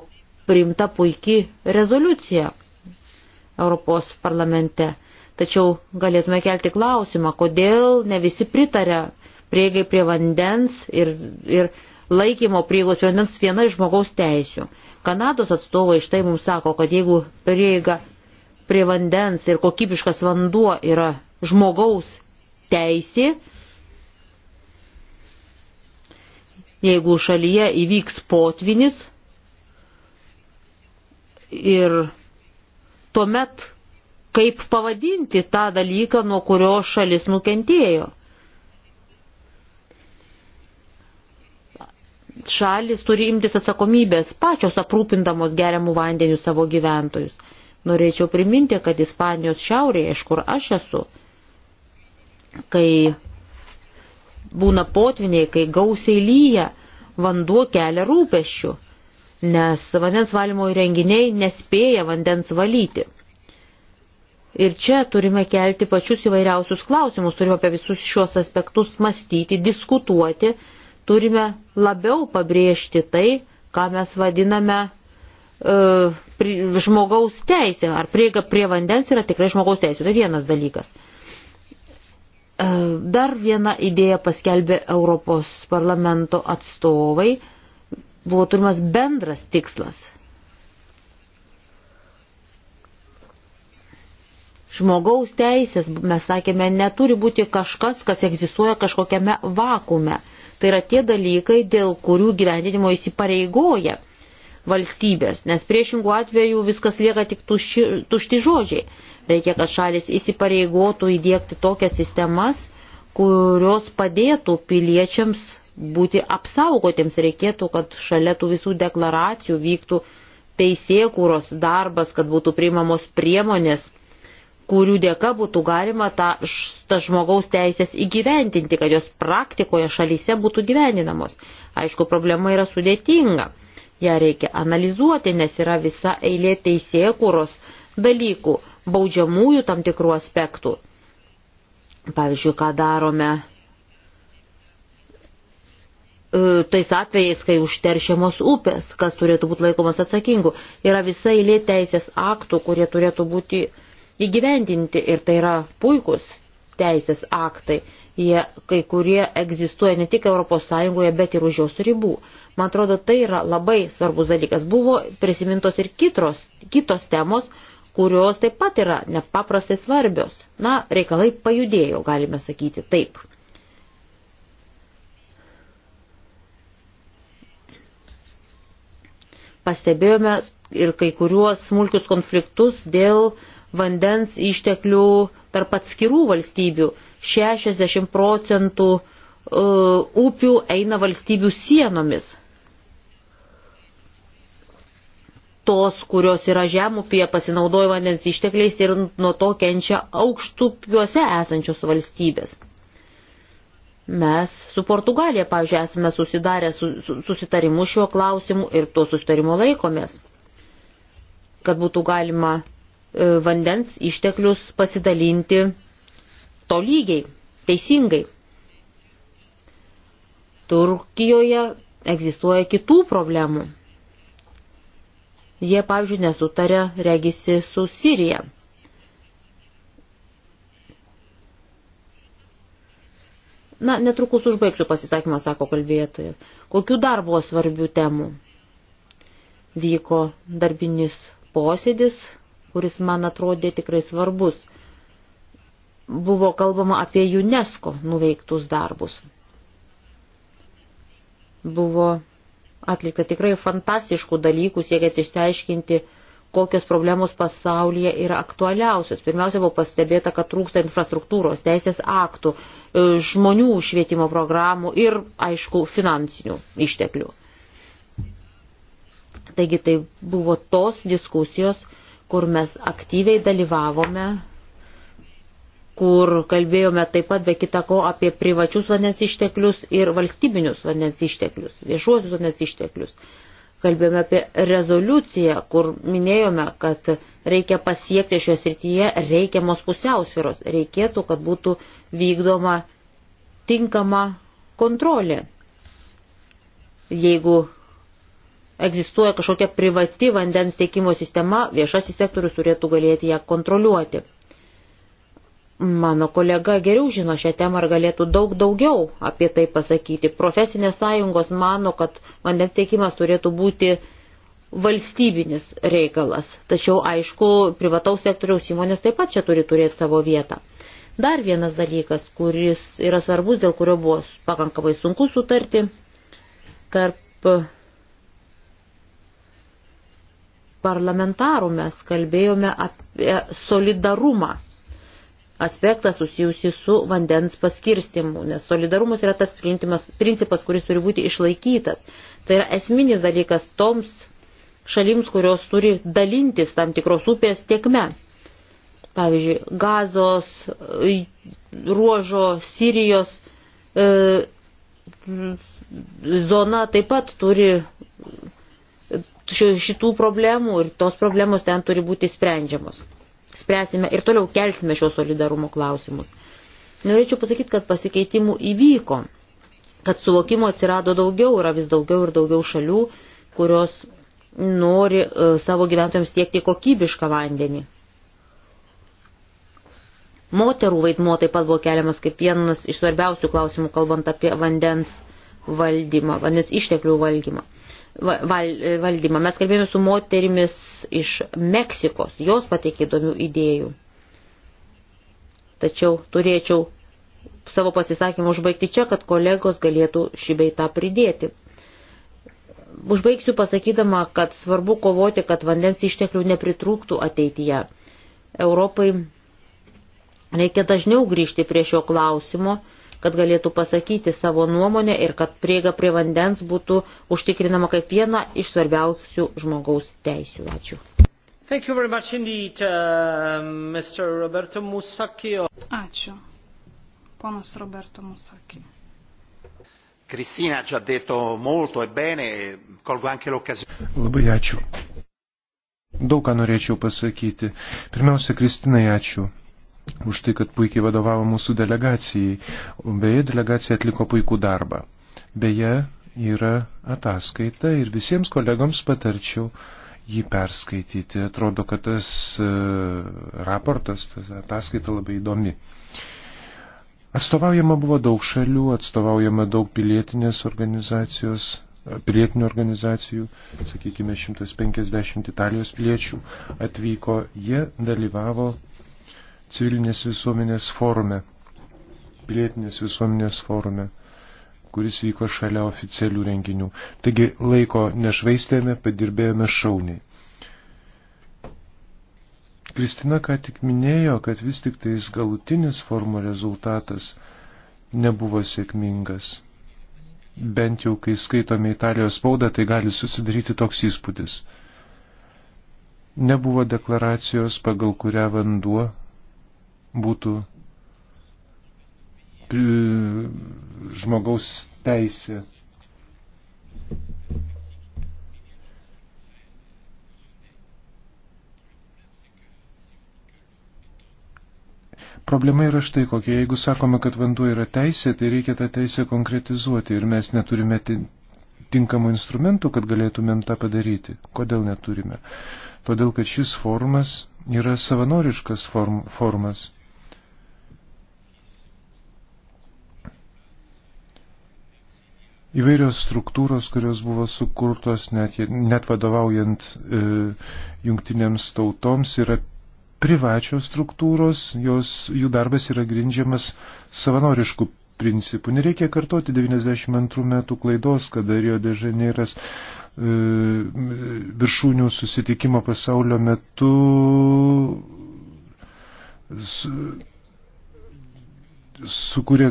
priimta puikiai rezoliucija Europos parlamente. Tačiau galėtume kelti klausimą, kodėl ne visi pritarė prieigai prie vandens ir, ir laikymo prieigos vandens viena iš žmogaus teisių. Kanados atstovai štai mums sako, kad jeigu prieiga prie vandens ir kokybiškas vanduo yra žmogaus teisė, jeigu šalyje įvyks potvinis ir tuomet kaip pavadinti tą dalyką, nuo kurio šalis nukentėjo. šalis turi imtis atsakomybės pačios aprūpindamos geriamų vandenių savo gyventojus. Norėčiau priminti, kad Ispanijos šiaurėje, iš kur aš esu, kai būna potviniai, kai gausiai lyja, vanduo kelia rūpeščių, nes vandens valymo įrenginiai nespėja vandens valyti. Ir čia turime kelti pačius įvairiausius klausimus, turime apie visus šios aspektus mąstyti, diskutuoti turime labiau pabrėžti tai, ką mes vadiname e, pri, žmogaus teisė, ar prieiga prie vandens yra tikrai žmogaus teisė. Tai vienas dalykas. E, dar vieną idėją paskelbė Europos parlamento atstovai. Buvo turimas bendras tikslas. Žmogaus teisės, mes sakėme, neturi būti kažkas, kas egzistuoja kažkokiame vakume. Tai yra tie dalykai, dėl kurių gyvendinimo įsipareigoja valstybės, nes priešingų atveju viskas lieka tik tušči, tušti žodžiai. Reikia, kad šalis įsipareigotų įdėkti tokias sistemas, kurios padėtų piliečiams būti apsaugotiems. Reikėtų, kad šalia tų visų deklaracijų vyktų teisėkūros darbas, kad būtų priimamos priemonės kurių dėka būtų galima tą, tą žmogaus teisės įgyvendinti, kad jos praktikoje šalyse būtų gyveninamos. Aišku, problema yra sudėtinga. Ja reikia analizuoti, nes yra visa eilė teisėkūros dalykų, baudžiamųjų tam tikrų aspektų. Pavyzdžiui, ką darome e, tais atvejais, kai užteršiamos upės, kas turėtų būti laikomas atsakingu. Yra visa eilė teisės aktų, kurie turėtų būti uh, įgyvendinti ir tai yra puikus teisės aktai. Jie kai kurie egzistuoja ne tik ES, bet ir už jos ribų. Man atrodo, tai yra labai svarbus dalykas. Buvo prisimintos ir kitos, kitos temos, kurios taip pat yra nepaprastai svarbios. Na, reikalai pajudėjo, galime sakyti taip. Pastebėjome ir kai kuriuos smulkius konfliktus dėl uh, vandens išteklių tarp atskirų valstybių. 60 procentų e, upių eina valstybių sienomis. Tos, kurios yra žemupyje, pasinaudoja vandens ištekliais ir nuo to kenčia aukštupiuose esančios valstybės. Mes su Portugalija, pavyzdžiui, esame susidarę su, su, susitarimu šiuo klausimu ir to susitarimo laikomės, kad būtų galima E, vandens išteklius pasidalinti tolygiai, teisingai. Turkijoje egzistuoja kitų problemų. Jie, pavyzdžiui, nesutarė regisi su Sirija. Na, netrukus užbaigsiu pasisakymą, sako kalbėtojas. Kokių dar buvo svarbių temų? Vyko darbinis posėdis kuris man atrodė tikrai svarbus. Buvo kalbama apie UNESCO nuveiktus darbus. Buvo atlikta tikrai fantastiškų dalykų, siekiant išsiaiškinti, kokios problemos pasaulyje yra aktualiausios. Pirmiausia, buvo pastebėta, kad trūksta infrastruktūros, teisės aktų, e, žmonių švietimo programų ir, aišku, finansinių išteklių. Taigi tai buvo tos diskusijos, kur mes aktyviai dalyvavome, kur kalbėjome taip pat be kitako apie privačius vandens išteklius ir valstybinius vandens išteklius, viešuosius vandens išteklius. Kalbėjome apie rezoliuciją, kur minėjome, kad reikia pasiekti šioje srityje reikiamos pusiausviros. Reikėtų, kad būtų vykdoma tinkama kontrolė. Jeigu egzistuoja kažkokia privati vandens tiekimo sistema, viešasis sektorius turėtų galėti ją kontroliuoti. Mano kolega geriau žino šią temą ir galėtų daug daugiau apie tai pasakyti. Profesinės sąjungos mano, kad vandens tiekimas turėtų būti valstybinis reikalas. Tačiau, aišku, privataus sektoriaus įmonės taip pat čia turi turėti savo vietą. Dar vienas dalykas, kuris yra svarbus, dėl kurio buvo pakankamai sunku sutarti tarp parlamentarų mes kalbėjome apie solidarumą. Aspektas susijusi su vandens paskirstimu, nes solidarumas yra tas principas, kuris turi būti išlaikytas. Tai yra esminis dalykas toms šalims, kurios turi dalintis tam tikros upės tiekme. Pavyzdžiui, gazos, ruožo, Sirijos e, zona taip pat turi šitų problemų ir tos problemos ten turi būti sprendžiamos. Spręsime ir toliau kelsime šio solidarumo klausimus. Norėčiau pasakyti, kad pasikeitimų įvyko, kad suvokimo atsirado daugiau, yra vis daugiau ir daugiau šalių, kurios nori e, savo gyventojams tiekti kokybišką vandenį. Moterų vaidmuo taip pat buvo keliamas kaip vienas iš svarbiausių klausimų, kalbant apie vandens valdymą, vandens išteklių valdymą valdymą. Mes kalbėjome su moterimis iš Meksikos, jos pateikė įdomių idėjų. Tačiau turėčiau savo pasisakymą užbaigti čia, kad kolegos galėtų šį beitą pridėti. Užbaigsiu pasakydama, kad svarbu kovoti, kad vandens išteklių nepritrūktų ateityje. Europai reikia dažniau grįžti prie šio klausimo kad galėtų pasakyti savo nuomonę ir kad prieiga prie vandens būtų užtikrinama kaip viena iš svarbiausių žmogaus teisių. Ačiū. Thank you very much indeed, uh, Mr. Roberto Musacchio. Ačiū. Ponas Roberto Musacchio. Cristina ci ha detto molto e bene, colgo anche l'occasione. Labai ačiū. Daug ką norėčiau pasakyti. Pirmiausia, Kristinai ačiū už tai, kad puikiai vadovavo mūsų delegacijai. Beje, delegacija atliko puikų darbą. Beje, yra ataskaita ir visiems kolegoms patarčiau jį perskaityti. Atrodo, kad tas e, raportas, tas ataskaita labai įdomi. Atstovaujama buvo daug šalių, atstovaujama daug pilietinės organizacijos, e, pilietinių organizacijų, sakykime, 150 Italijos piliečių atvyko, jie dalyvavo civilinės visuomenės forume, pilietinės visuomenės forume, kuris vyko šalia oficialių renginių. Taigi laiko nešvaistėme, padirbėjome šauniai. Kristina ką tik minėjo, kad vis tik tais galutinis formo rezultatas nebuvo sėkmingas. Bent jau, kai skaitome Italijos spaudą, tai gali susidaryti toks įspūdis. Nebuvo deklaracijos, pagal kurią vanduo būtų žmogaus teisė. Problema yra štai kokia. Jeigu sakome, kad vanduo yra teisė, tai reikia tą teisę konkretizuoti ir mes neturime tinkamų instrumentų, kad galėtumėm tą padaryti. Kodėl neturime? Todėl, kad šis formas yra savanoriškas form, formas. Įvairios struktūros, kurios buvo sukurtos net, net vadovaujant e, jungtinėms tautoms, yra privačios struktūros, jos, jų darbas yra grindžiamas savanoriškų principų. Nereikia kartoti 92 metų klaidos, kada Rio de Žaneiras e, viršūnių susitikimo pasaulio metu su, sukūrė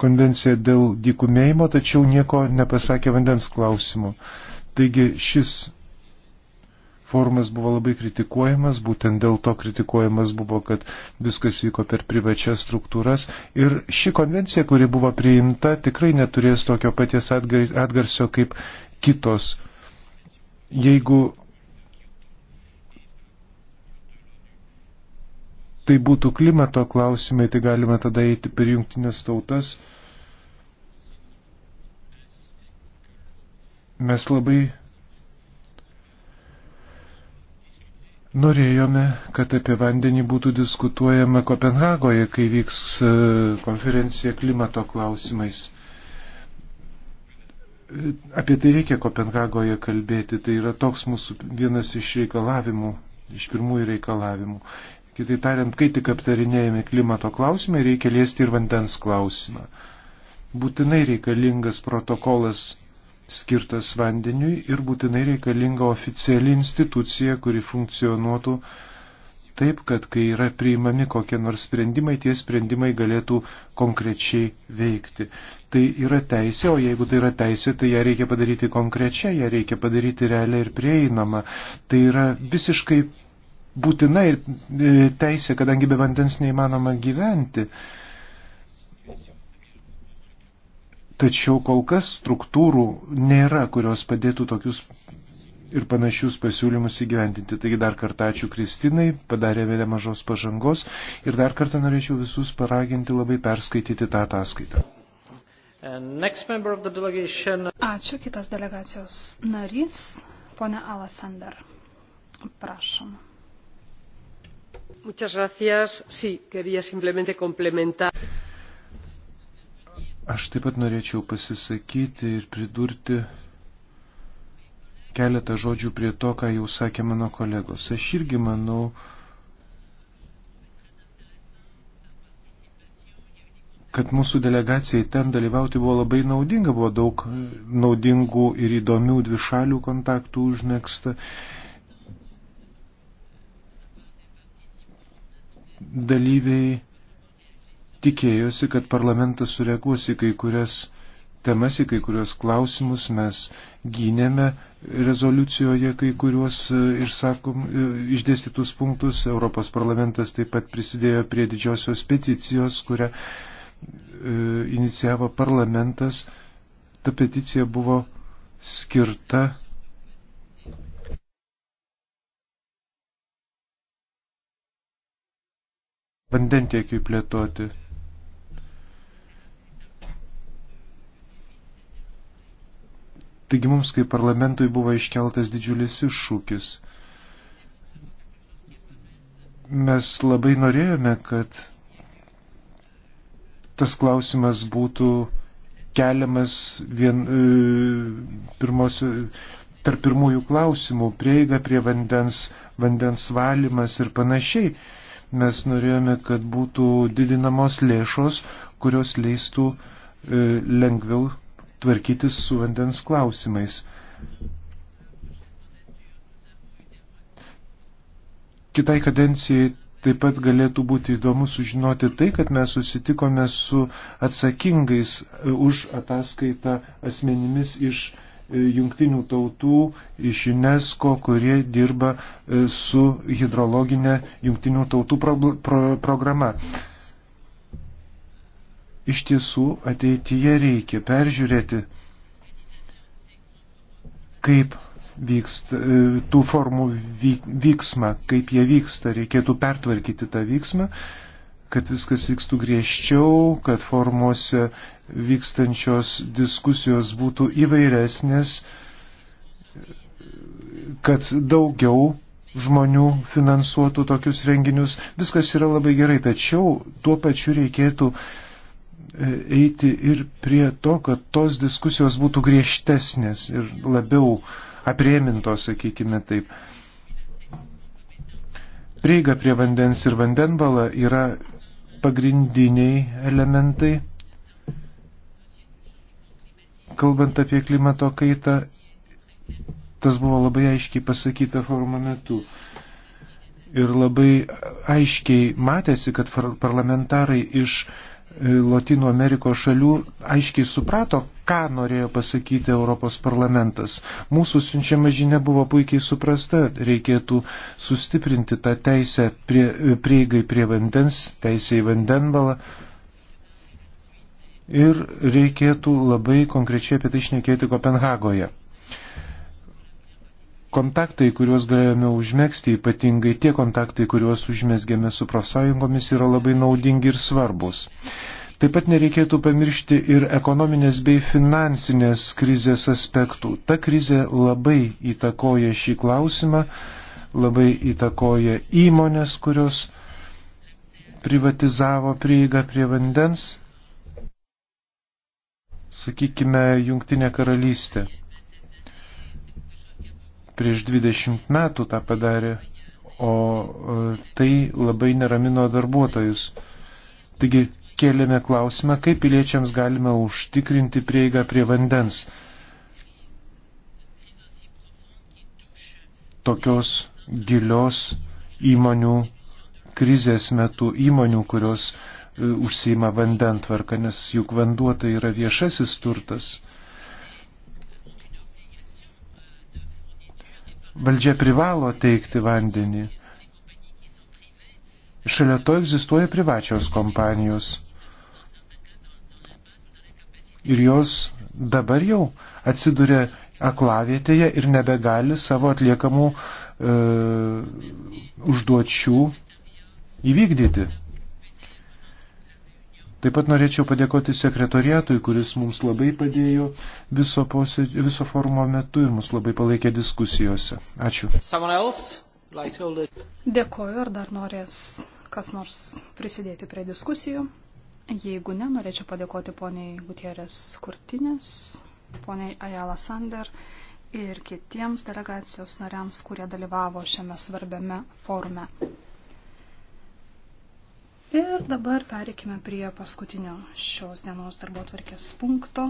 konvenciją dėl dykumėjimo, tačiau nieko nepasakė vandens klausimu. Taigi šis forumas buvo labai kritikuojamas, būtent dėl to kritikuojamas buvo, kad viskas vyko per privačias struktūras ir ši konvencija, kuri buvo priimta, tikrai neturės tokio paties atgarsio kaip kitos. Jeigu tai būtų klimato klausimai, tai galime tada eiti per jungtinės tautas. Mes labai norėjome, kad apie vandenį būtų diskutuojama Kopenhagoje, kai vyks e, konferencija klimato klausimais. Apie tai reikia Kopenhagoje kalbėti, tai yra toks mūsų vienas iš reikalavimų, iš pirmųjų reikalavimų. Kitai tariant, kai tik aptarinėjami klimato klausimai, reikia liesti ir vandens klausimą. Būtinai reikalingas protokolas skirtas vandeniui ir būtinai reikalinga oficiali institucija, kuri funkcionuotų taip, kad kai yra priimami kokie nors sprendimai, tie sprendimai galėtų konkrečiai veikti. Tai yra teisė, o jeigu tai yra teisė, tai ją reikia padaryti konkrečiai, ją reikia padaryti realią ir prieinamą. Tai yra visiškai būtina ir e, teisė, kadangi be vandens neįmanoma gyventi. Tačiau kol kas struktūrų nėra, kurios padėtų tokius ir panašius pasiūlymus įgyvendinti. Taigi dar kartą ačiū Kristinai, padarėme nemažos pažangos ir dar kartą norėčiau visus paraginti labai perskaityti tą ataskaitą. Ačiū kitas delegacijos narys, ponia Alasander. Prašom. Aš taip pat norėčiau pasisakyti ir pridurti keletą žodžių prie to, ką jau sakė mano kolegos. Aš irgi manau, kad mūsų delegacijai ten dalyvauti buvo labai naudinga, buvo daug naudingų ir įdomių dvišalių kontaktų užmėgsta dalyviai tikėjosi, kad parlamentas sureaguos į kai kurias temas, į kai kurios klausimus mes gynėme rezoliucijoje kai kuriuos e, išsakom, e, išdėstytus punktus. Europos parlamentas taip pat prisidėjo prie didžiosios peticijos, kurią e, inicijavo parlamentas. Ta peticija buvo skirta vandentiekiui plėtoti. Taigi mums kaip parlamentui buvo iškeltas didžiulis iššūkis. Mes labai norėjome, kad tas klausimas būtų keliamas vien, e, pirmos, tarp pirmųjų klausimų - prieiga prie vandens, vandens valymas ir panašiai. Mes norėjome, kad būtų didinamos lėšos, kurios leistų e, lengviau tvarkytis su vandens klausimais. Kitai kadencijai taip pat galėtų būti įdomu sužinoti tai, kad mes susitikome su atsakingais e, už ataskaitą asmenimis iš E, jungtinių tautų, iš UNESCO, kurie dirba e, su hidrologinė jungtinių tautų pro, pro, programa. Iš tiesų ateityje reikia peržiūrėti, kaip vyksta, e, tų formų vyksmą, kaip jie vyksta, reikėtų pertvarkyti tą vyksmą kad viskas vykstų griežčiau, kad formuose vykstančios diskusijos būtų įvairesnės, kad daugiau žmonių finansuotų tokius renginius. Viskas yra labai gerai, tačiau tuo pačiu reikėtų e, eiti ir prie to, kad tos diskusijos būtų griežtesnės ir labiau apriemintos, sakykime taip. Prieiga prie vandens ir vandenbalą yra pagrindiniai elementai, kalbant apie klimato kaitą, tas buvo labai aiškiai pasakyta forumo metu. Ir labai aiškiai matėsi, kad parlamentarai iš Latino Amerikos šalių aiškiai suprato, ką norėjo pasakyti Europos parlamentas. Mūsų siunčiama žinia buvo puikiai suprasta, reikėtų sustiprinti tą teisę prie, prieigai prie vandens, teisę į vandenbalą. Ir reikėtų labai konkrečiai apie tai išnekėti Kopenhagoje. Kontaktai, kuriuos galėjome užmėgsti, ypatingai tie kontaktai, kuriuos užmėsgėme su profsąjungomis, yra labai naudingi ir svarbus. Taip pat nereikėtų pamiršti ir ekonominės bei finansinės krizės aspektų. Ta krizė labai įtakoja šį klausimą, labai įtakoja įmonės, kurios privatizavo prieigą prie vandens, sakykime, Jungtinė karalystė prieš 20 metų tą padarė, o e, tai labai neramino darbuotojus. Taigi kėlėme klausimą, kaip piliečiams galime užtikrinti prieigą prie vandens. Tokios gilios įmonių krizės metu įmonių, kurios e, užsima vandentvarką, nes juk vanduo tai yra viešasis turtas. Valdžia privalo teikti vandenį. Šalia to egzistuoja privačios kompanijos. Ir jos dabar jau atsiduria aklavietėje ir nebegali savo atliekamų e, užduočių įvykdyti. Taip pat norėčiau padėkoti sekretoriatui, kuris mums labai padėjo viso, posėdžio, viso forumo metu ir mus labai palaikė diskusijose. Ačiū. Dėkoju, ar dar norės kas nors prisidėti prie diskusijų. Jeigu ne, norėčiau padėkoti poniai Gutierės Kurtinės, poniai Ajala Sander ir kitiems delegacijos nariams, kurie dalyvavo šiame svarbiame forume. Ir dabar pereikime prie paskutinio šios dienos darbo tvarkės punkto.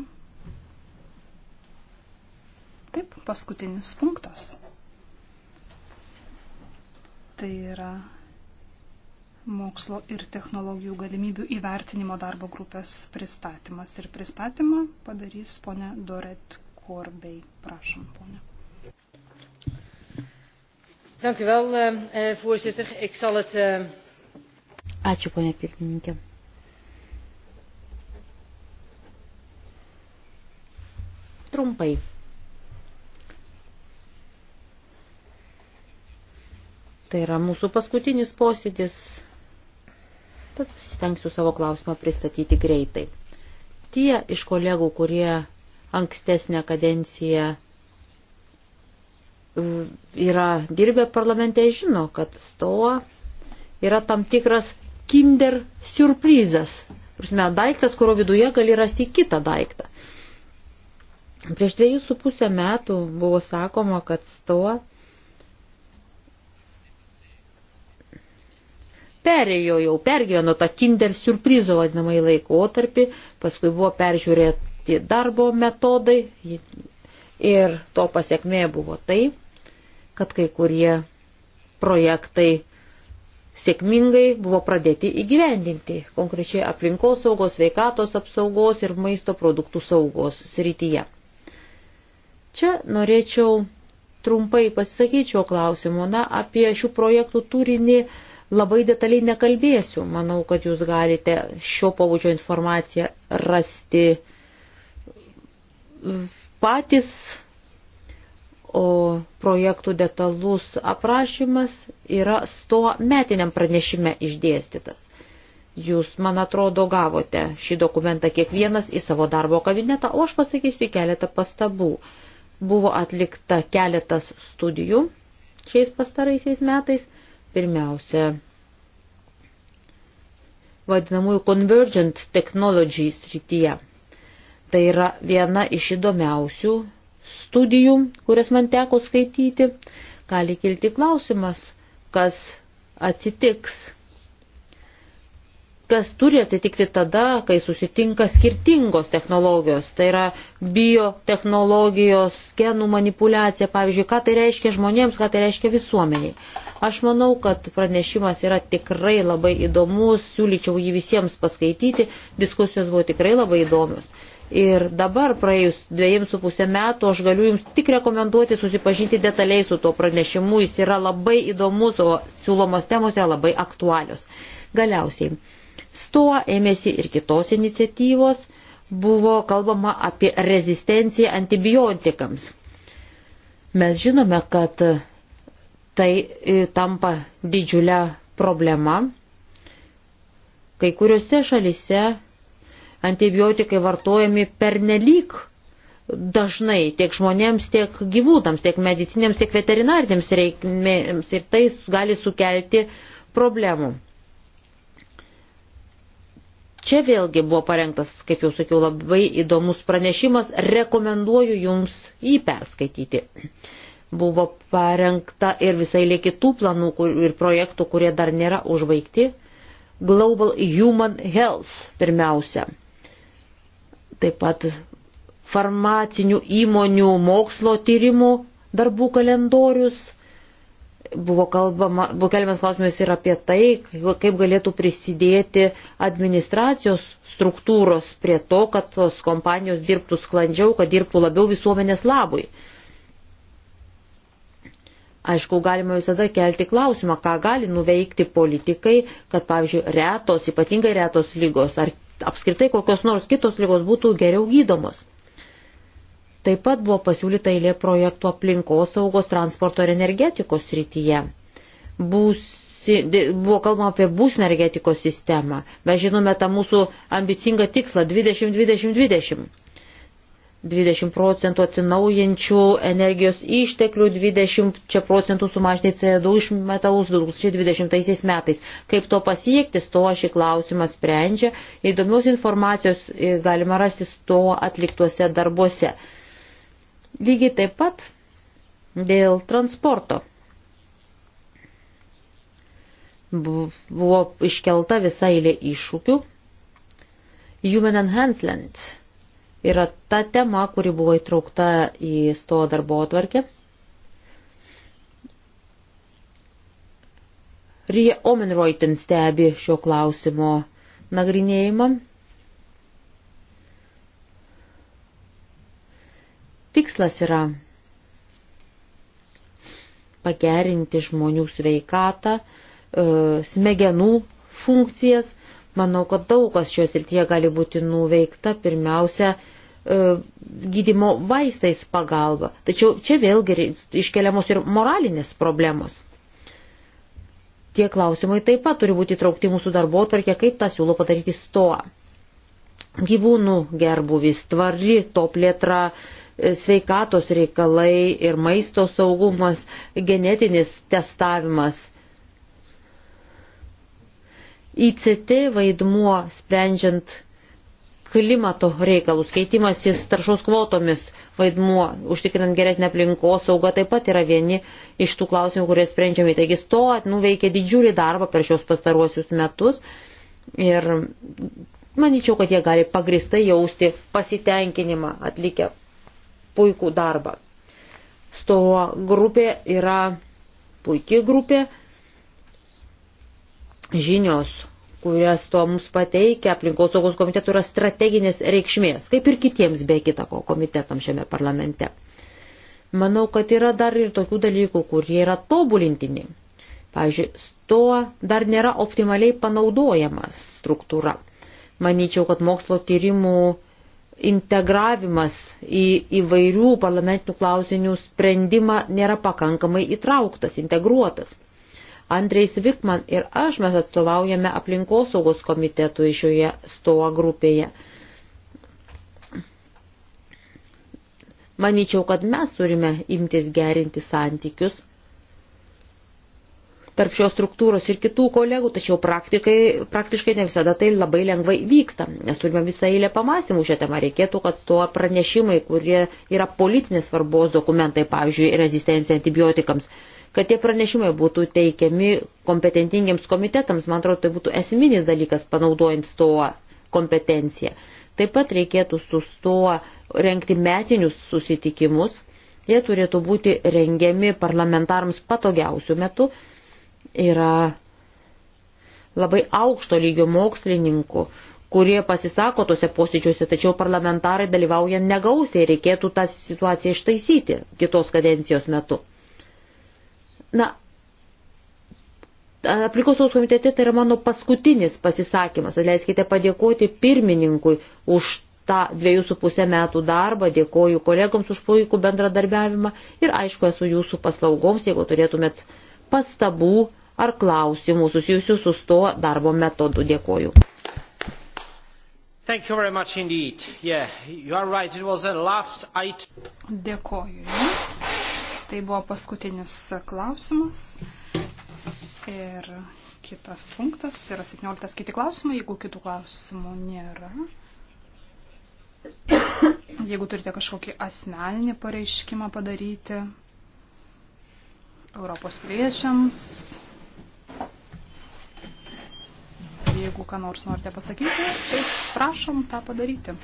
Taip, paskutinis punktas. Tai yra mokslo ir technologijų galimybių įvertinimo darbo grupės pristatymas. Ir pristatymą padarys ponė Doret Korbei. Prašom, ponė. Dank u wel, eh, eh, voorzitter. Ik zal het eh, Ačiū, ponė pirmininkė. Trumpai. Tai yra mūsų paskutinis posėdis, tad pasitengsiu savo klausimą pristatyti greitai. Tie iš kolegų, kurie ankstesnę kadenciją yra dirbę parlamente, žino, kad stoa yra tam tikras kinder surprizas. Prasme, daiktas, kurio viduje gali rasti kitą daiktą. Prieš dviejus su pusę metų buvo sakoma, kad stoa perėjo jau, pergyveno tą kinder surprizo vadinamąjį laikotarpį, paskui buvo peržiūrėti darbo metodai ir to pasiekmė buvo tai, kad kai kurie projektai sėkmingai buvo pradėti įgyvendinti, konkrečiai aplinkos saugos, veikatos apsaugos ir maisto produktų saugos srityje. Čia norėčiau trumpai pasisakyčiau klausimu, na, apie šių projektų turinį labai detaliai nekalbėsiu. Manau, kad jūs galite šio pavudžio informaciją rasti patys o projektų detalus aprašymas yra sto metiniam pranešime išdėstytas. Jūs, man atrodo, gavote šį dokumentą kiekvienas į savo darbo kabinetą, o aš pasakysiu keletą pastabų. Buvo atlikta keletas studijų šiais pastaraisiais metais. Pirmiausia, vadinamųjų convergent technologies rytyje. Tai yra viena iš įdomiausių studijų, kurias man teko skaityti, gali kilti klausimas, kas atsitiks, kas turi atsitikti tada, kai susitinka skirtingos technologijos, tai yra biotechnologijos, genų manipulacija, pavyzdžiui, ką tai reiškia žmonėms, ką tai reiškia visuomeniai. Aš manau, kad pranešimas yra tikrai labai įdomus, siūlyčiau jį visiems paskaityti, diskusijos buvo tikrai labai įdomios. Ir dabar praėjus dviejams su pusę metų aš galiu jums tik rekomenduoti susipažinti detaliai su tuo pranešimu. Jis yra labai įdomus, o siūlomos temos yra labai aktualios. Galiausiai, STOA ėmėsi ir kitos iniciatyvos, buvo kalbama apie rezistenciją antibiotikams. Mes žinome, kad tai e, tampa didžiulę problemą. Kai kuriuose šalise antibiotikai vartojami pernelyg dažnai tiek žmonėms, tiek gyvūnams, tiek medicinėms, tiek veterinariniams reikmėms ir tai gali sukelti problemų. Čia vėlgi buvo parengtas, kaip jau sakiau, labai įdomus pranešimas, rekomenduoju jums jį perskaityti. Buvo parengta ir visai lė kitų planų ir projektų, kurie dar nėra užbaigti. Global Human Health pirmiausia taip pat farmacinių įmonių mokslo tyrimų darbų kalendorius. Buvo, kalbama, buvo keliamas klausimas ir apie tai, kaip galėtų prisidėti administracijos struktūros prie to, kad tos kompanijos dirbtų sklandžiau, kad dirbtų labiau visuomenės labui. Aišku, galima visada kelti klausimą, ką gali nuveikti politikai, kad, pavyzdžiui, retos, ypatingai retos lygos ar apskritai kokios nors kitos lygos būtų geriau gydomos. Taip pat buvo pasiūlyta eilė projektų aplinkos saugos, transporto ir energetikos srityje. Bus, buvo kalbama apie bus energetikos sistemą. Mes žinome tą mūsų ambicingą tikslą 2020-2020. 20 procentų atsinaujančių energijos išteklių, 20 procentų sumažinti CO2 išmetalus 2020 metais. Kaip to pasiekti, to šį klausimą sprendžia. Įdomios informacijos e, galima rasti to atliktuose darbuose. Lygiai taip pat dėl transporto. Buvo iškelta visa eilė iššūkių. Human Enhancement yra ta tema, kuri buvo įtraukta į sto darbo atvarkę. Rie Omenroiten stebi šio klausimo nagrinėjimą. Tikslas yra pagerinti žmonių sveikatą, e, smegenų funkcijas, Manau, kad daug kas šios rytyje gali būti nuveikta pirmiausia e, gydimo vaistais pagalba. Tačiau čia vėlgi iškeliamos ir moralinės problemos. Tie klausimai taip pat turi būti traukti mūsų darbo atvarkė, kaip tą siūlo padaryti stoa. Gyvūnų gerbuvis, tvari to plėtra, e, sveikatos reikalai ir maisto saugumas, genetinis testavimas ICT vaidmuo sprendžiant klimato reikalus, keitimasis taršos kvotomis vaidmuo, užtikrinant geresnę aplinkos saugą, taip pat yra vieni iš tų klausimų, kurie sprendžiami. Taigi to nuveikė didžiulį darbą per šios pastaruosius metus ir manyčiau, kad jie gali pagristai jausti pasitenkinimą atlikę puikų darbą. Stoa grupė yra puikiai grupė, žinios, kurias to mums pateikia aplinkos saugos komitetų, yra strateginės reikšmės, kaip ir kitiems be kitako komitetam šiame parlamente. Manau, kad yra dar ir tokių dalykų, kurie yra tobulintini. Pavyzdžiui, to dar nėra optimaliai panaudojama struktūra. Manyčiau, kad mokslo tyrimų integravimas į įvairių parlamentinių klausinių sprendimą nėra pakankamai įtrauktas, integruotas. Andrejs Vikman ir aš mes atstovaujame aplinkosaugos komitetui šioje stoa grupėje. Manyčiau, kad mes turime imtis gerinti santykius tarp šios struktūros ir kitų kolegų, tačiau praktiškai ne visada tai labai lengvai vyksta, nes turime visą eilę pamastymų šią temą. Reikėtų, kad tuo pranešimai, kurie yra politinės svarbos dokumentai, pavyzdžiui, rezistencija antibiotikams, kad tie pranešimai būtų teikiami kompetentingiems komitetams. Man atrodo, tai būtų esminis dalykas panaudojant stoa kompetenciją. Taip pat reikėtų su stoa renkti metinius susitikimus. Jie turėtų būti rengiami parlamentarams patogiausių metų. Yra labai aukšto lygio mokslininkų, kurie pasisako tose posėdžiuose, tačiau parlamentarai dalyvauja negausiai, reikėtų tą situaciją ištaisyti kitos kadencijos metu. Na, aplikosaus komitete tai yra mano paskutinis pasisakymas. Leiskite padėkoti pirmininkui už tą dviejų su pusę metų darbą, dėkoju kolegoms už puikų bendradarbiavimą ir aišku esu jūsų paslaugoms, jeigu turėtumėt pastabų ar klausimų susijusių su to darbo metodu. Dėkoju. Yeah, right. Dėkoju Jums. Tai buvo paskutinis klausimas. Ir kitas punktas yra 17 kiti klausimai, jeigu kitų klausimų nėra. Jeigu turite kažkokį asmeninį pareiškimą padaryti Europos priešiams, jeigu ką nors norite pasakyti, tai prašom tą padaryti.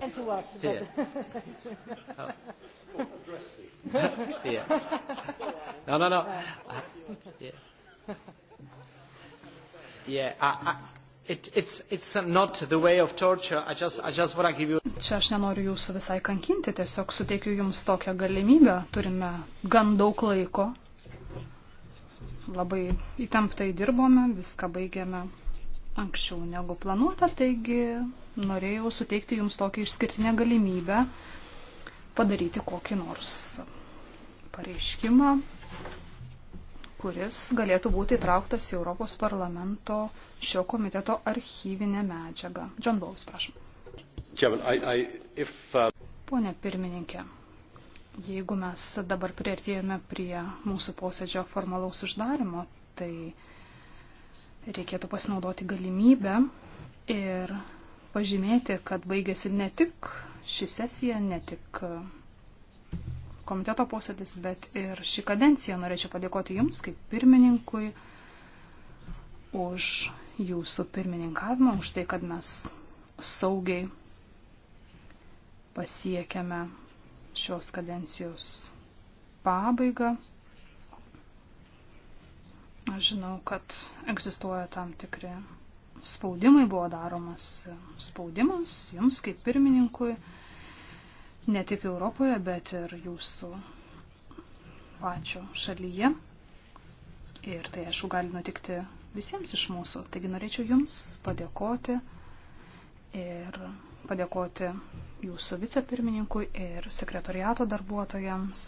And to us. But... Dress <laughs> me. yeah. No, no, no. Uh, yeah. Yeah, I, I, it, it's, it's not the way of torture. I just, I just want to give you. Čia aš nenoriu jūsų visai kankinti, tiesiog suteikiu jums tokią galimybę. Turime gan daug laiko. Labai įtemptai dirbome, viską baigėme anksčiau negu planuota, taigi norėjau suteikti jums tokią išskirtinę galimybę uh, padaryti kokį nors pareiškimą, kuris galėtų būti įtrauktas į Europos parlamento šio komiteto archyvinę medžiagą. John Bowes, prašom. Uh, Pone pirmininkė, jeigu mes dabar prieartėjame prie mūsų posėdžio formalaus uždarimo, tai reikėtų pasinaudoti galimybę ir pažymėti, kad baigėsi ne tik ši sesija, ne tik komiteto posėdis, bet ir šį kadenciją. Norėčiau padėkoti Jums kaip pirmininkui už Jūsų pirmininkavimą, už tai, kad mes saugiai pasiekėme šios kadencijos pabaigą. Aš žinau, kad egzistuoja tam tikri spaudimui buvo daromas spaudimas jums kaip pirmininkui, ne tik Europoje, bet ir jūsų pačio šalyje. Ir tai, aišku, gali nutikti visiems iš mūsų. Taigi norėčiau Jums padėkoti ir padėkoti Jūsų vicepirmininkui ir sekretoriato darbuotojams,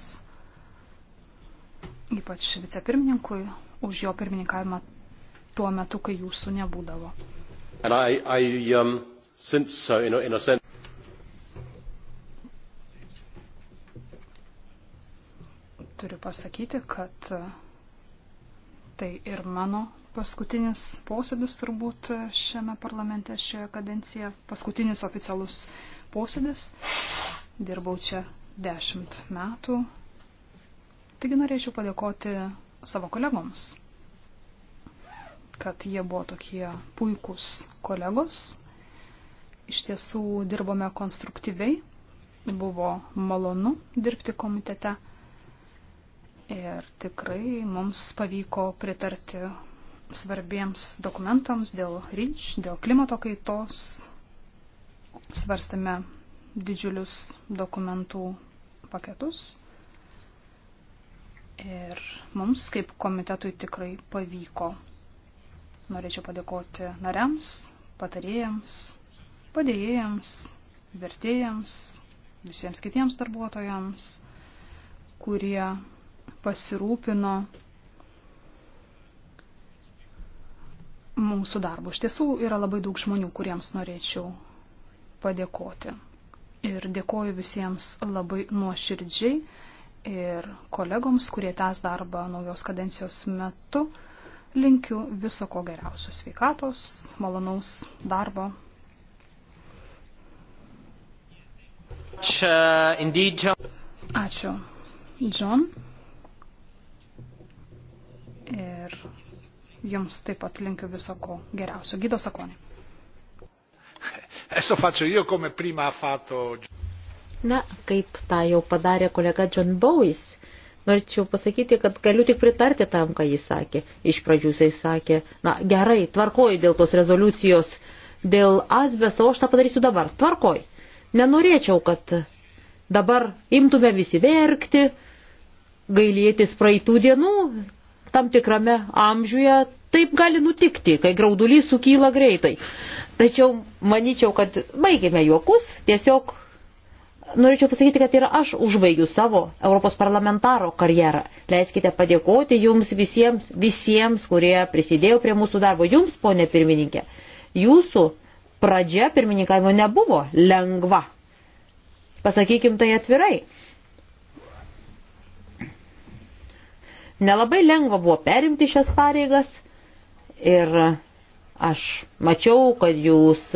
ypač vicepirmininkui, už jo pirmininkavimą tuo metu, kai jūsų nebūdavo. I, I, um, since, so in a, in a sense... Turiu pasakyti, kad uh, tai ir mano paskutinis posėdis turbūt uh, šiame parlamente šioje kadencijoje, paskutinis oficialus posėdis. Dirbau čia dešimt metų. Taigi norėčiau padėkoti savo kolegoms kad jie buvo tokie puikūs kolegos. Iš tiesų dirbome konstruktyviai, buvo malonu dirbti komitete ir tikrai mums pavyko pritarti svarbiems dokumentams dėl ryč, dėl klimato kaitos. Svarstame didžiulius dokumentų paketus. Ir mums kaip komitetui tikrai pavyko Norėčiau padėkoti nariams, patarėjams, padėjėjams, vertėjams, visiems kitiems darbuotojams, kurie pasirūpino mūsų darbu. Iš tiesų yra labai daug žmonių, kuriems norėčiau padėkoti. Ir dėkoju visiems labai nuoširdžiai ir kolegoms, kurie tęs darbą naujos kadencijos metu. Linkiu viso ko geriausio sveikatos, malonaus darbo. Ačiū, John. Ir jums taip pat linkiu viso ko geriausio. Gydo Sakonė. Adesso faccio io come prima ha fatto. Na, kaip tą jau padarė kolega John Bowis, norėčiau pasakyti, kad galiu tik pritarti tam, ką jis sakė. Iš pradžių jis sakė, na gerai, tvarkoj dėl tos rezoliucijos, dėl asbesto, o aš tą padarysiu dabar, tvarkoj. Nenorėčiau, kad dabar imtume visi verkti, gailėtis praeitų dienų, tam tikrame amžiuje taip gali nutikti, kai graudulys sukyla greitai. Tačiau manyčiau, kad baigėme juokus, tiesiog norėčiau pasakyti, kad ir aš užbaigiu savo Europos parlamentaro karjerą. Leiskite padėkoti jums visiems, visiems, kurie prisidėjo prie mūsų darbo. Jums, ponė pirmininkė, jūsų pradžia pirmininkavimo nebuvo lengva. Pasakykim tai atvirai. Nelabai lengva buvo perimti šias pareigas ir aš mačiau, kad jūs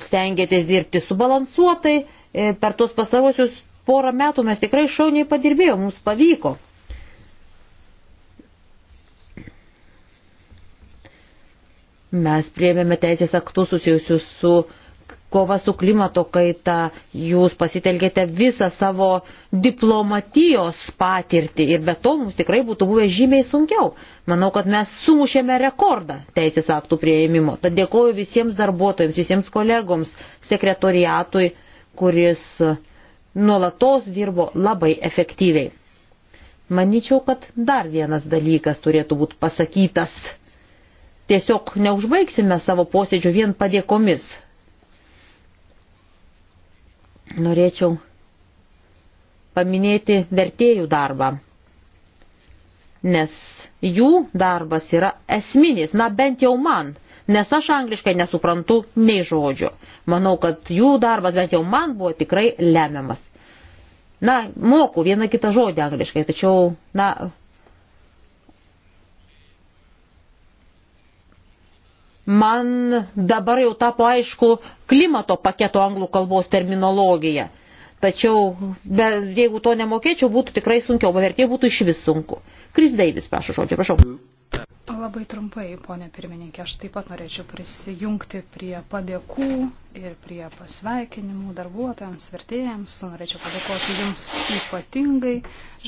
stengiatės dirbti subalansuotai. E, per tuos pastarosius porą metų mes tikrai šauniai padirbėjom, mums pavyko. Mes priemėme teisės aktus susijusius su kova su klimato kaita, jūs pasitelkėte visą savo diplomatijos patirtį ir be to mums tikrai būtų buvę žymiai sunkiau. Manau, kad mes sumušėme rekordą teisės aktų prieimimo. Tad dėkoju visiems darbuotojams, visiems kolegoms, sekretoriatui, kuris nuolatos dirbo labai efektyviai. Maničiau, kad dar vienas dalykas turėtų būti pasakytas. Tiesiog neužbaigsime savo posėdžių vien padėkomis norėčiau paminėti vertėjų darbą, nes jų darbas yra esminis, na bent jau man, nes aš angliškai nesuprantu nei žodžio. Manau, kad jų darbas bent jau man buvo tikrai lemiamas. Na, moku vieną kitą žodį angliškai, tačiau, na, Man dabar jau tapo aišku klimato paketo anglų kalbos terminologija. Tačiau, be, jeigu to nemokėčiau, būtų tikrai sunkiau, pavertėjai būtų iš vis sunku. Kris Deivis, prašau žodžio, prašau. Labai trumpai, ponė pirmininkė, aš taip pat norėčiau prisijungti prie padėkų ir prie pasveikinimų darbuotojams, vertėjams. Norėčiau padėkoti jums ypatingai.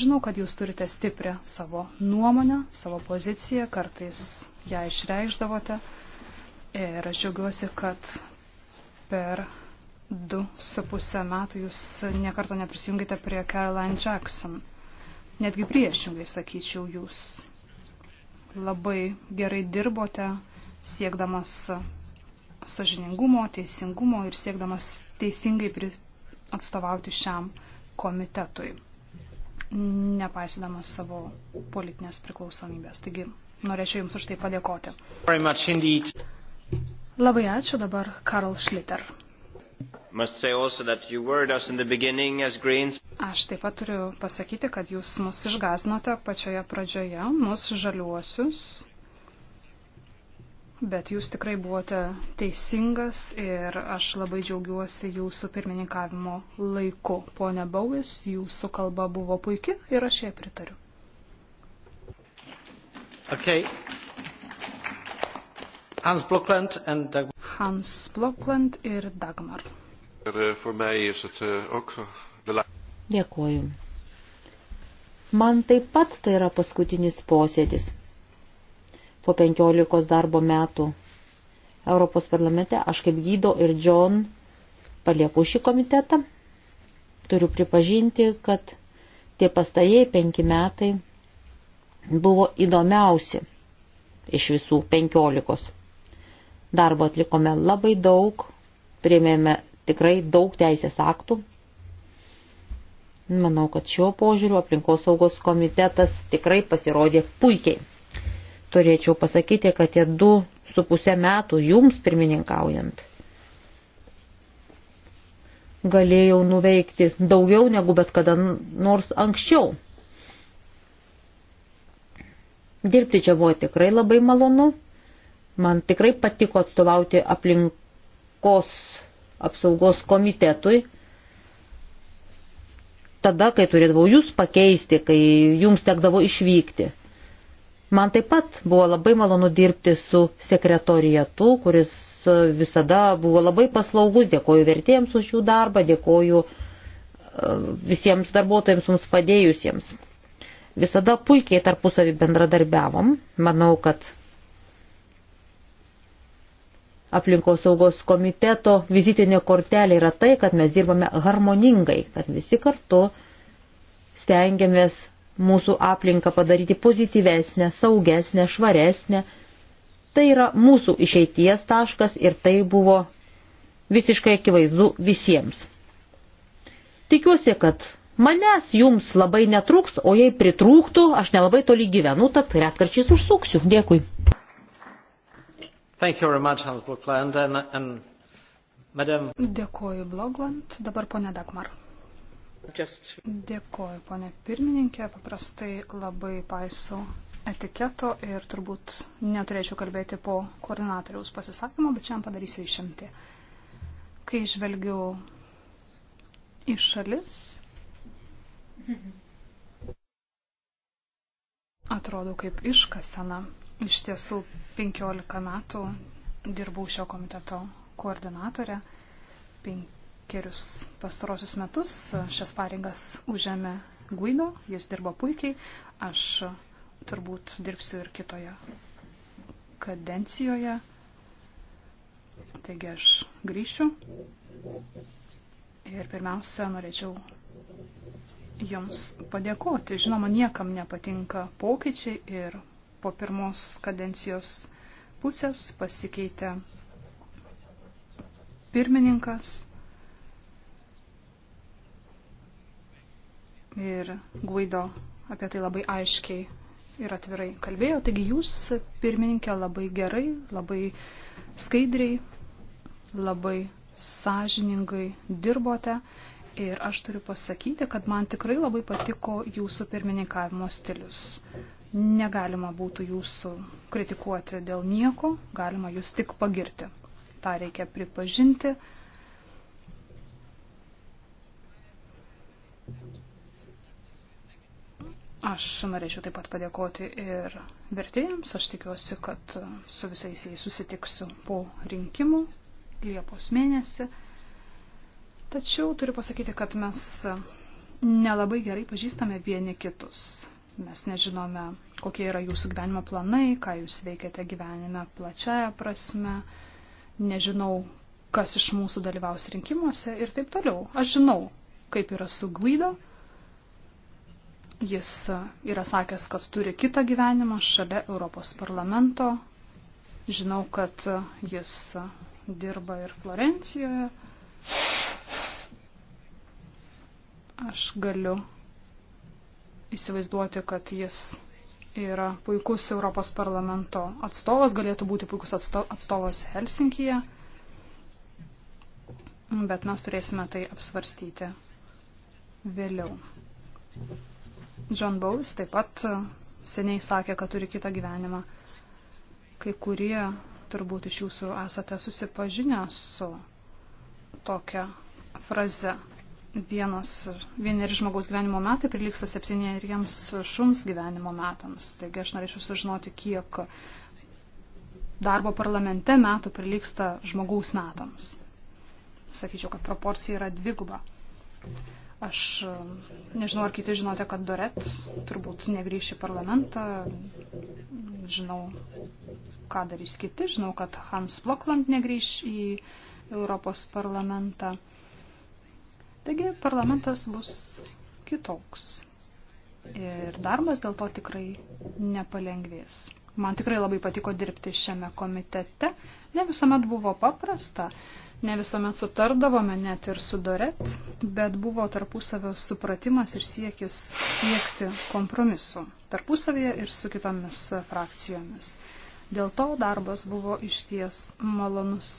Žinau, kad jūs turite stiprią savo nuomonę, savo poziciją, kartais ją išreikšdavote. Ir aš džiaugiuosi, kad per du su pusę metų jūs niekarto neprisijungite prie Caroline Jackson. Netgi priešingai, sakyčiau, jūs labai gerai dirbote, siekdamas sažiningumo, teisingumo ir siekdamas teisingai atstovauti šiam komitetui, nepaisydamas savo politinės priklausomybės. Taigi norėčiau Jums už tai padėkoti. Labai ačiū dabar Karl Schlitter. Aš taip pat turiu pasakyti, kad jūs mus išgaznote pačioje pradžioje, mus žaliuosius, bet jūs tikrai buvote teisingas ir aš labai džiaugiuosi jūsų pirmininkavimo laiku. Pone Bauvis, jūsų kalba buvo puikia ir aš jai pritariu. Okay. Hans Blokland, and Dagmar. Hans Blokland ir Dagmar. Er, eh, eh, Dėkuoju. Man taip pat tai yra paskutinis posėdis. Po penkiolikos darbo metų Europos parlamente aš kaip gydo ir John palieku šį komitetą. Turiu pripažinti, kad tie pastajai penki metai buvo įdomiausi iš visų penkiolikos. Darbo atlikome labai daug, priemėme tikrai daug teisės aktų. Manau, kad šiuo požiūriu aplinkosaugos komitetas tikrai pasirodė puikiai. Turėčiau pasakyti, kad tie du su pusę metų jums pirmininkaujant galėjau nuveikti daugiau negu bet kada nors anksčiau. Dirbti čia buvo tikrai labai malonu. Man tikrai patiko atstovauti aplinkos apsaugos komitetui. Tada, kai turėdavau jūs pakeisti, kai jums tekdavo išvykti. Man taip pat buvo labai malonu dirbti su sekretorijatu, kuris visada buvo labai paslaugus. Dėkoju vertėjams už jų darbą, dėkoju e, visiems darbuotojams mums padėjusiems. Visada puikiai tarpusavį bendradarbiavom. Manau, kad aplinkos saugos komiteto vizitinė kortelė yra tai, kad mes dirbame harmoningai, kad visi kartu stengiamės mūsų aplinką padaryti pozityvesnę, saugesnę, švaresnę. Tai yra mūsų išeities taškas ir tai buvo visiškai akivaizdu visiems. Tikiuosi, kad manęs jums labai netruks, o jei pritrūktų, aš nelabai toli gyvenu, tad retkarčiais užsuksiu. Dėkui. Much, Hans Blokland, and, and Madam... Dėkuoju, Blogland. Dabar ponė Dagmar. Just... Dėkuoju, ponė pirmininkė. Paprastai labai paisau etiketo ir turbūt neturėčiau kalbėti po koordinatoriaus pasisakymo, bet šiam padarysiu išimti. Kai žvelgiu į šalis, atrodo kaip iškasena. Iš tiesų, 15 metų dirbau šio komiteto koordinatorė. Penkerius pastarosius metus šias pareigas užėmė Guido, jis dirbo puikiai. Aš turbūt dirbsiu ir kitoje kadencijoje. Taigi aš grįšiu. Ir pirmiausia, norėčiau Jums padėkoti. Žinoma, niekam nepatinka pokyčiai ir po pirmos kadencijos pusės pasikeitė pirmininkas ir Guido apie tai labai aiškiai ir atvirai kalbėjo. Taigi jūs, pirmininkė, labai gerai, labai skaidriai, labai sąžiningai dirbote. Ir aš turiu pasakyti, kad man tikrai labai patiko jūsų pirmininkavimo stilius. Negalima būtų jūsų kritikuoti dėl nieko, galima jūs tik pagirti. Ta reikia pripažinti. Aš norėčiau taip pat padėkoti ir vertėjams. Aš tikiuosi, kad su visais jais susitiksiu po rinkimų Liepos mėnesį. Tačiau turiu pasakyti, kad mes nelabai gerai pažįstame vieni kitus. Mes nežinome, kokie yra jūsų gyvenimo planai, ką jūs veikiate gyvenime plačiaja prasme. Nežinau, kas iš mūsų dalyvaus rinkimuose ir taip toliau. Aš žinau, kaip yra su Guido. Jis e, yra sakęs, kad turi kitą gyvenimą šalia Europos parlamento. Žinau, kad e, jis e, dirba ir Florencijoje. Aš galiu įsivaizduoti, kad jis yra puikus Europos parlamento atstovas, galėtų būti puikus atstovas Helsinkije, bet mes turėsime tai apsvarstyti vėliau. John Bowles taip pat seniai sakė, kad turi kitą gyvenimą. Kai kurie turbūt iš jūsų esate susipažinę su tokia fraze vienas, vieneri žmogaus gyvenimo metai prilyksta septyneriems šuns gyvenimo metams. Taigi aš norėčiau sužinoti, kiek darbo parlamente metų prilyksta žmogaus metams. Sakyčiau, kad proporcija yra dviguba. Aš um, nežinau, ar kiti žinote, kad Doret turbūt negrįš į parlamentą. Žinau, ką darys kiti. Žinau, kad Hans Blokland negrįš į Europos parlamentą. Taigi parlamentas bus kitoks. Ir darbas dėl to tikrai nepalengvės. Man tikrai labai patiko dirbti šiame komitete. Ne visuomet buvo paprasta, ne visuomet sutardavome net ir sudoret, bet buvo tarpusavio supratimas ir siekis siekti kompromisu tarpusavėje ir su kitomis frakcijomis. Dėl to darbas buvo išties malonus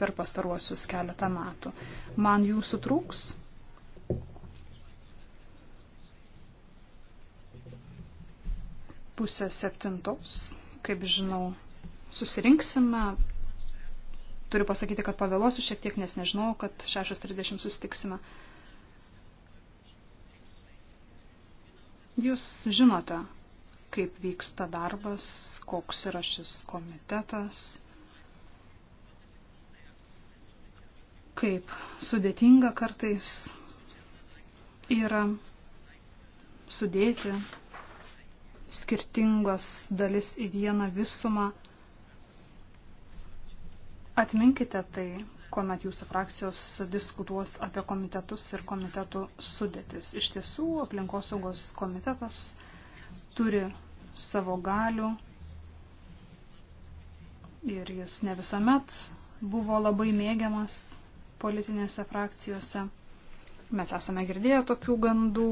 per pastaruosius keletą metų. Man jūsų trūks? Pusę septintos, kaip žinau, susirinksime. Turiu pasakyti, kad pavėluosiu šiek tiek, nes nežinau, kad 6.30 susitiksime. Jūs žinote, kaip vyksta darbas, koks yra šis komitetas. kaip sudėtinga kartais yra sudėti skirtingas dalis į vieną visumą. Atminkite tai, kuomet jūsų frakcijos diskutuos apie komitetus ir komitetų sudėtis. Iš tiesų, aplinkosaugos komitetas turi savo galių ir jis ne visuomet buvo labai mėgiamas politinėse frakcijose. Mes esame girdėję tokių gandų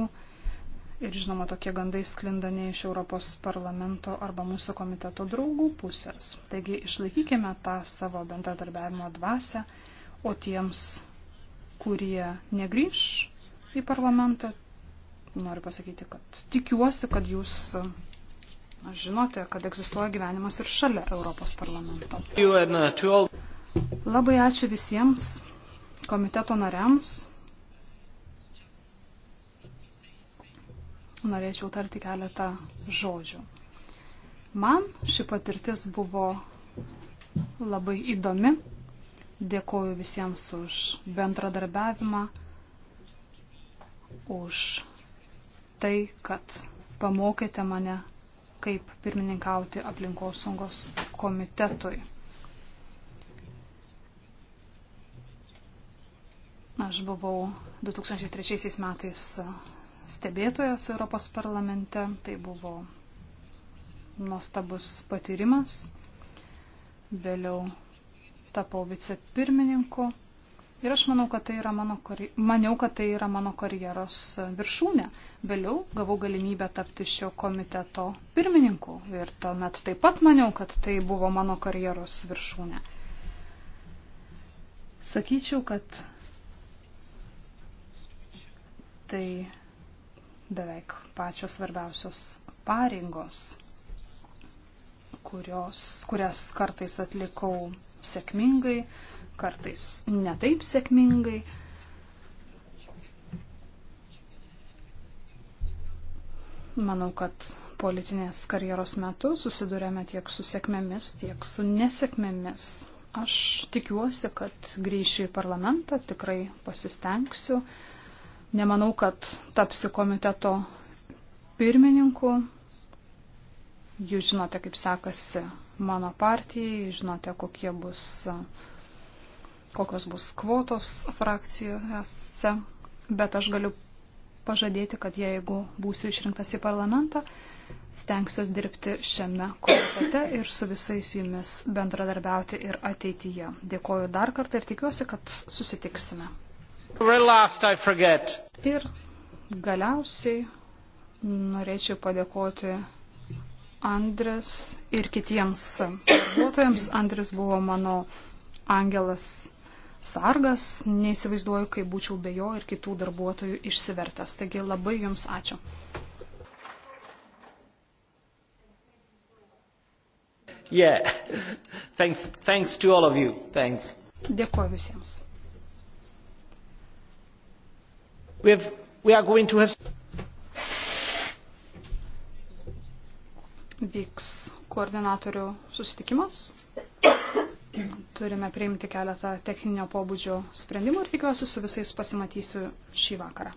ir žinoma, tokie gandai sklinda ne iš Europos parlamento arba mūsų komiteto draugų pusės. Taigi išlaikykime tą savo bendradarbiavimo dvasę, o tiems, kurie negryž į parlamentą, noriu pasakyti, kad tikiuosi, kad jūs žinote, kad egzistuoja gyvenimas ir šalia Europos parlamento. Uh, Labai ačiū visiems komiteto nariams norėčiau tarti keletą žodžių. Man ši patirtis buvo labai įdomi. Dėkoju visiems už bendradarbiavimą, už tai, kad pamokėte mane, kaip pirmininkauti aplinkosaugos komitetui. Aš buvau 2003 metais stebėtojas Europos parlamente. Tai buvo nuostabus patyrimas. Vėliau tapau vicepirmininku. Ir aš manau, kad tai yra mano, maniau, kad tai yra mano karjeros viršūnė. Vėliau gavau galimybę tapti šio komiteto pirmininku. Ir tuomet taip pat maniau, kad tai buvo mano karjeros viršūnė. Sakyčiau, kad tai beveik pačios svarbiausios pareigos, kurios, kurias kartais atlikau sėkmingai, kartais netaip sėkmingai. Manau, kad politinės karjeros metu susidurėme tiek su sėkmėmis, tiek su nesėkmėmis. Aš tikiuosi, kad grįšiu į parlamentą, tikrai pasistengsiu. Uh, Nemanau, kad tapsiu komiteto pirmininku. Jūs žinote, kaip sekasi mano partijai, žinote, kokie bus, kokios bus kvotos frakcijose, bet aš galiu pažadėti, kad jeigu būsiu išrinktas į parlamentą, stengsiuosi dirbti šiame komitete ir su visais jumis bendradarbiauti ir ateityje. Dėkoju dar kartą ir tikiuosi, kad susitiksime. Ir galiausiai norėčiau padėkoti Andres ir kitiems darbuotojams. Andres buvo mano angelas sargas, neįsivaizduoju, kaip būčiau be jo ir kitų darbuotojų išsivertęs. Taigi labai jums ačiū. Yeah. <laughs> Thanks, thanks to all of you. Thanks. Dėkuoju visiems. We have, we are going to have... Vyks koordinatorių susitikimas. Turime priimti keletą techninio pobūdžio sprendimų ir tikiuosi su visais pasimatysiu šį vakarą.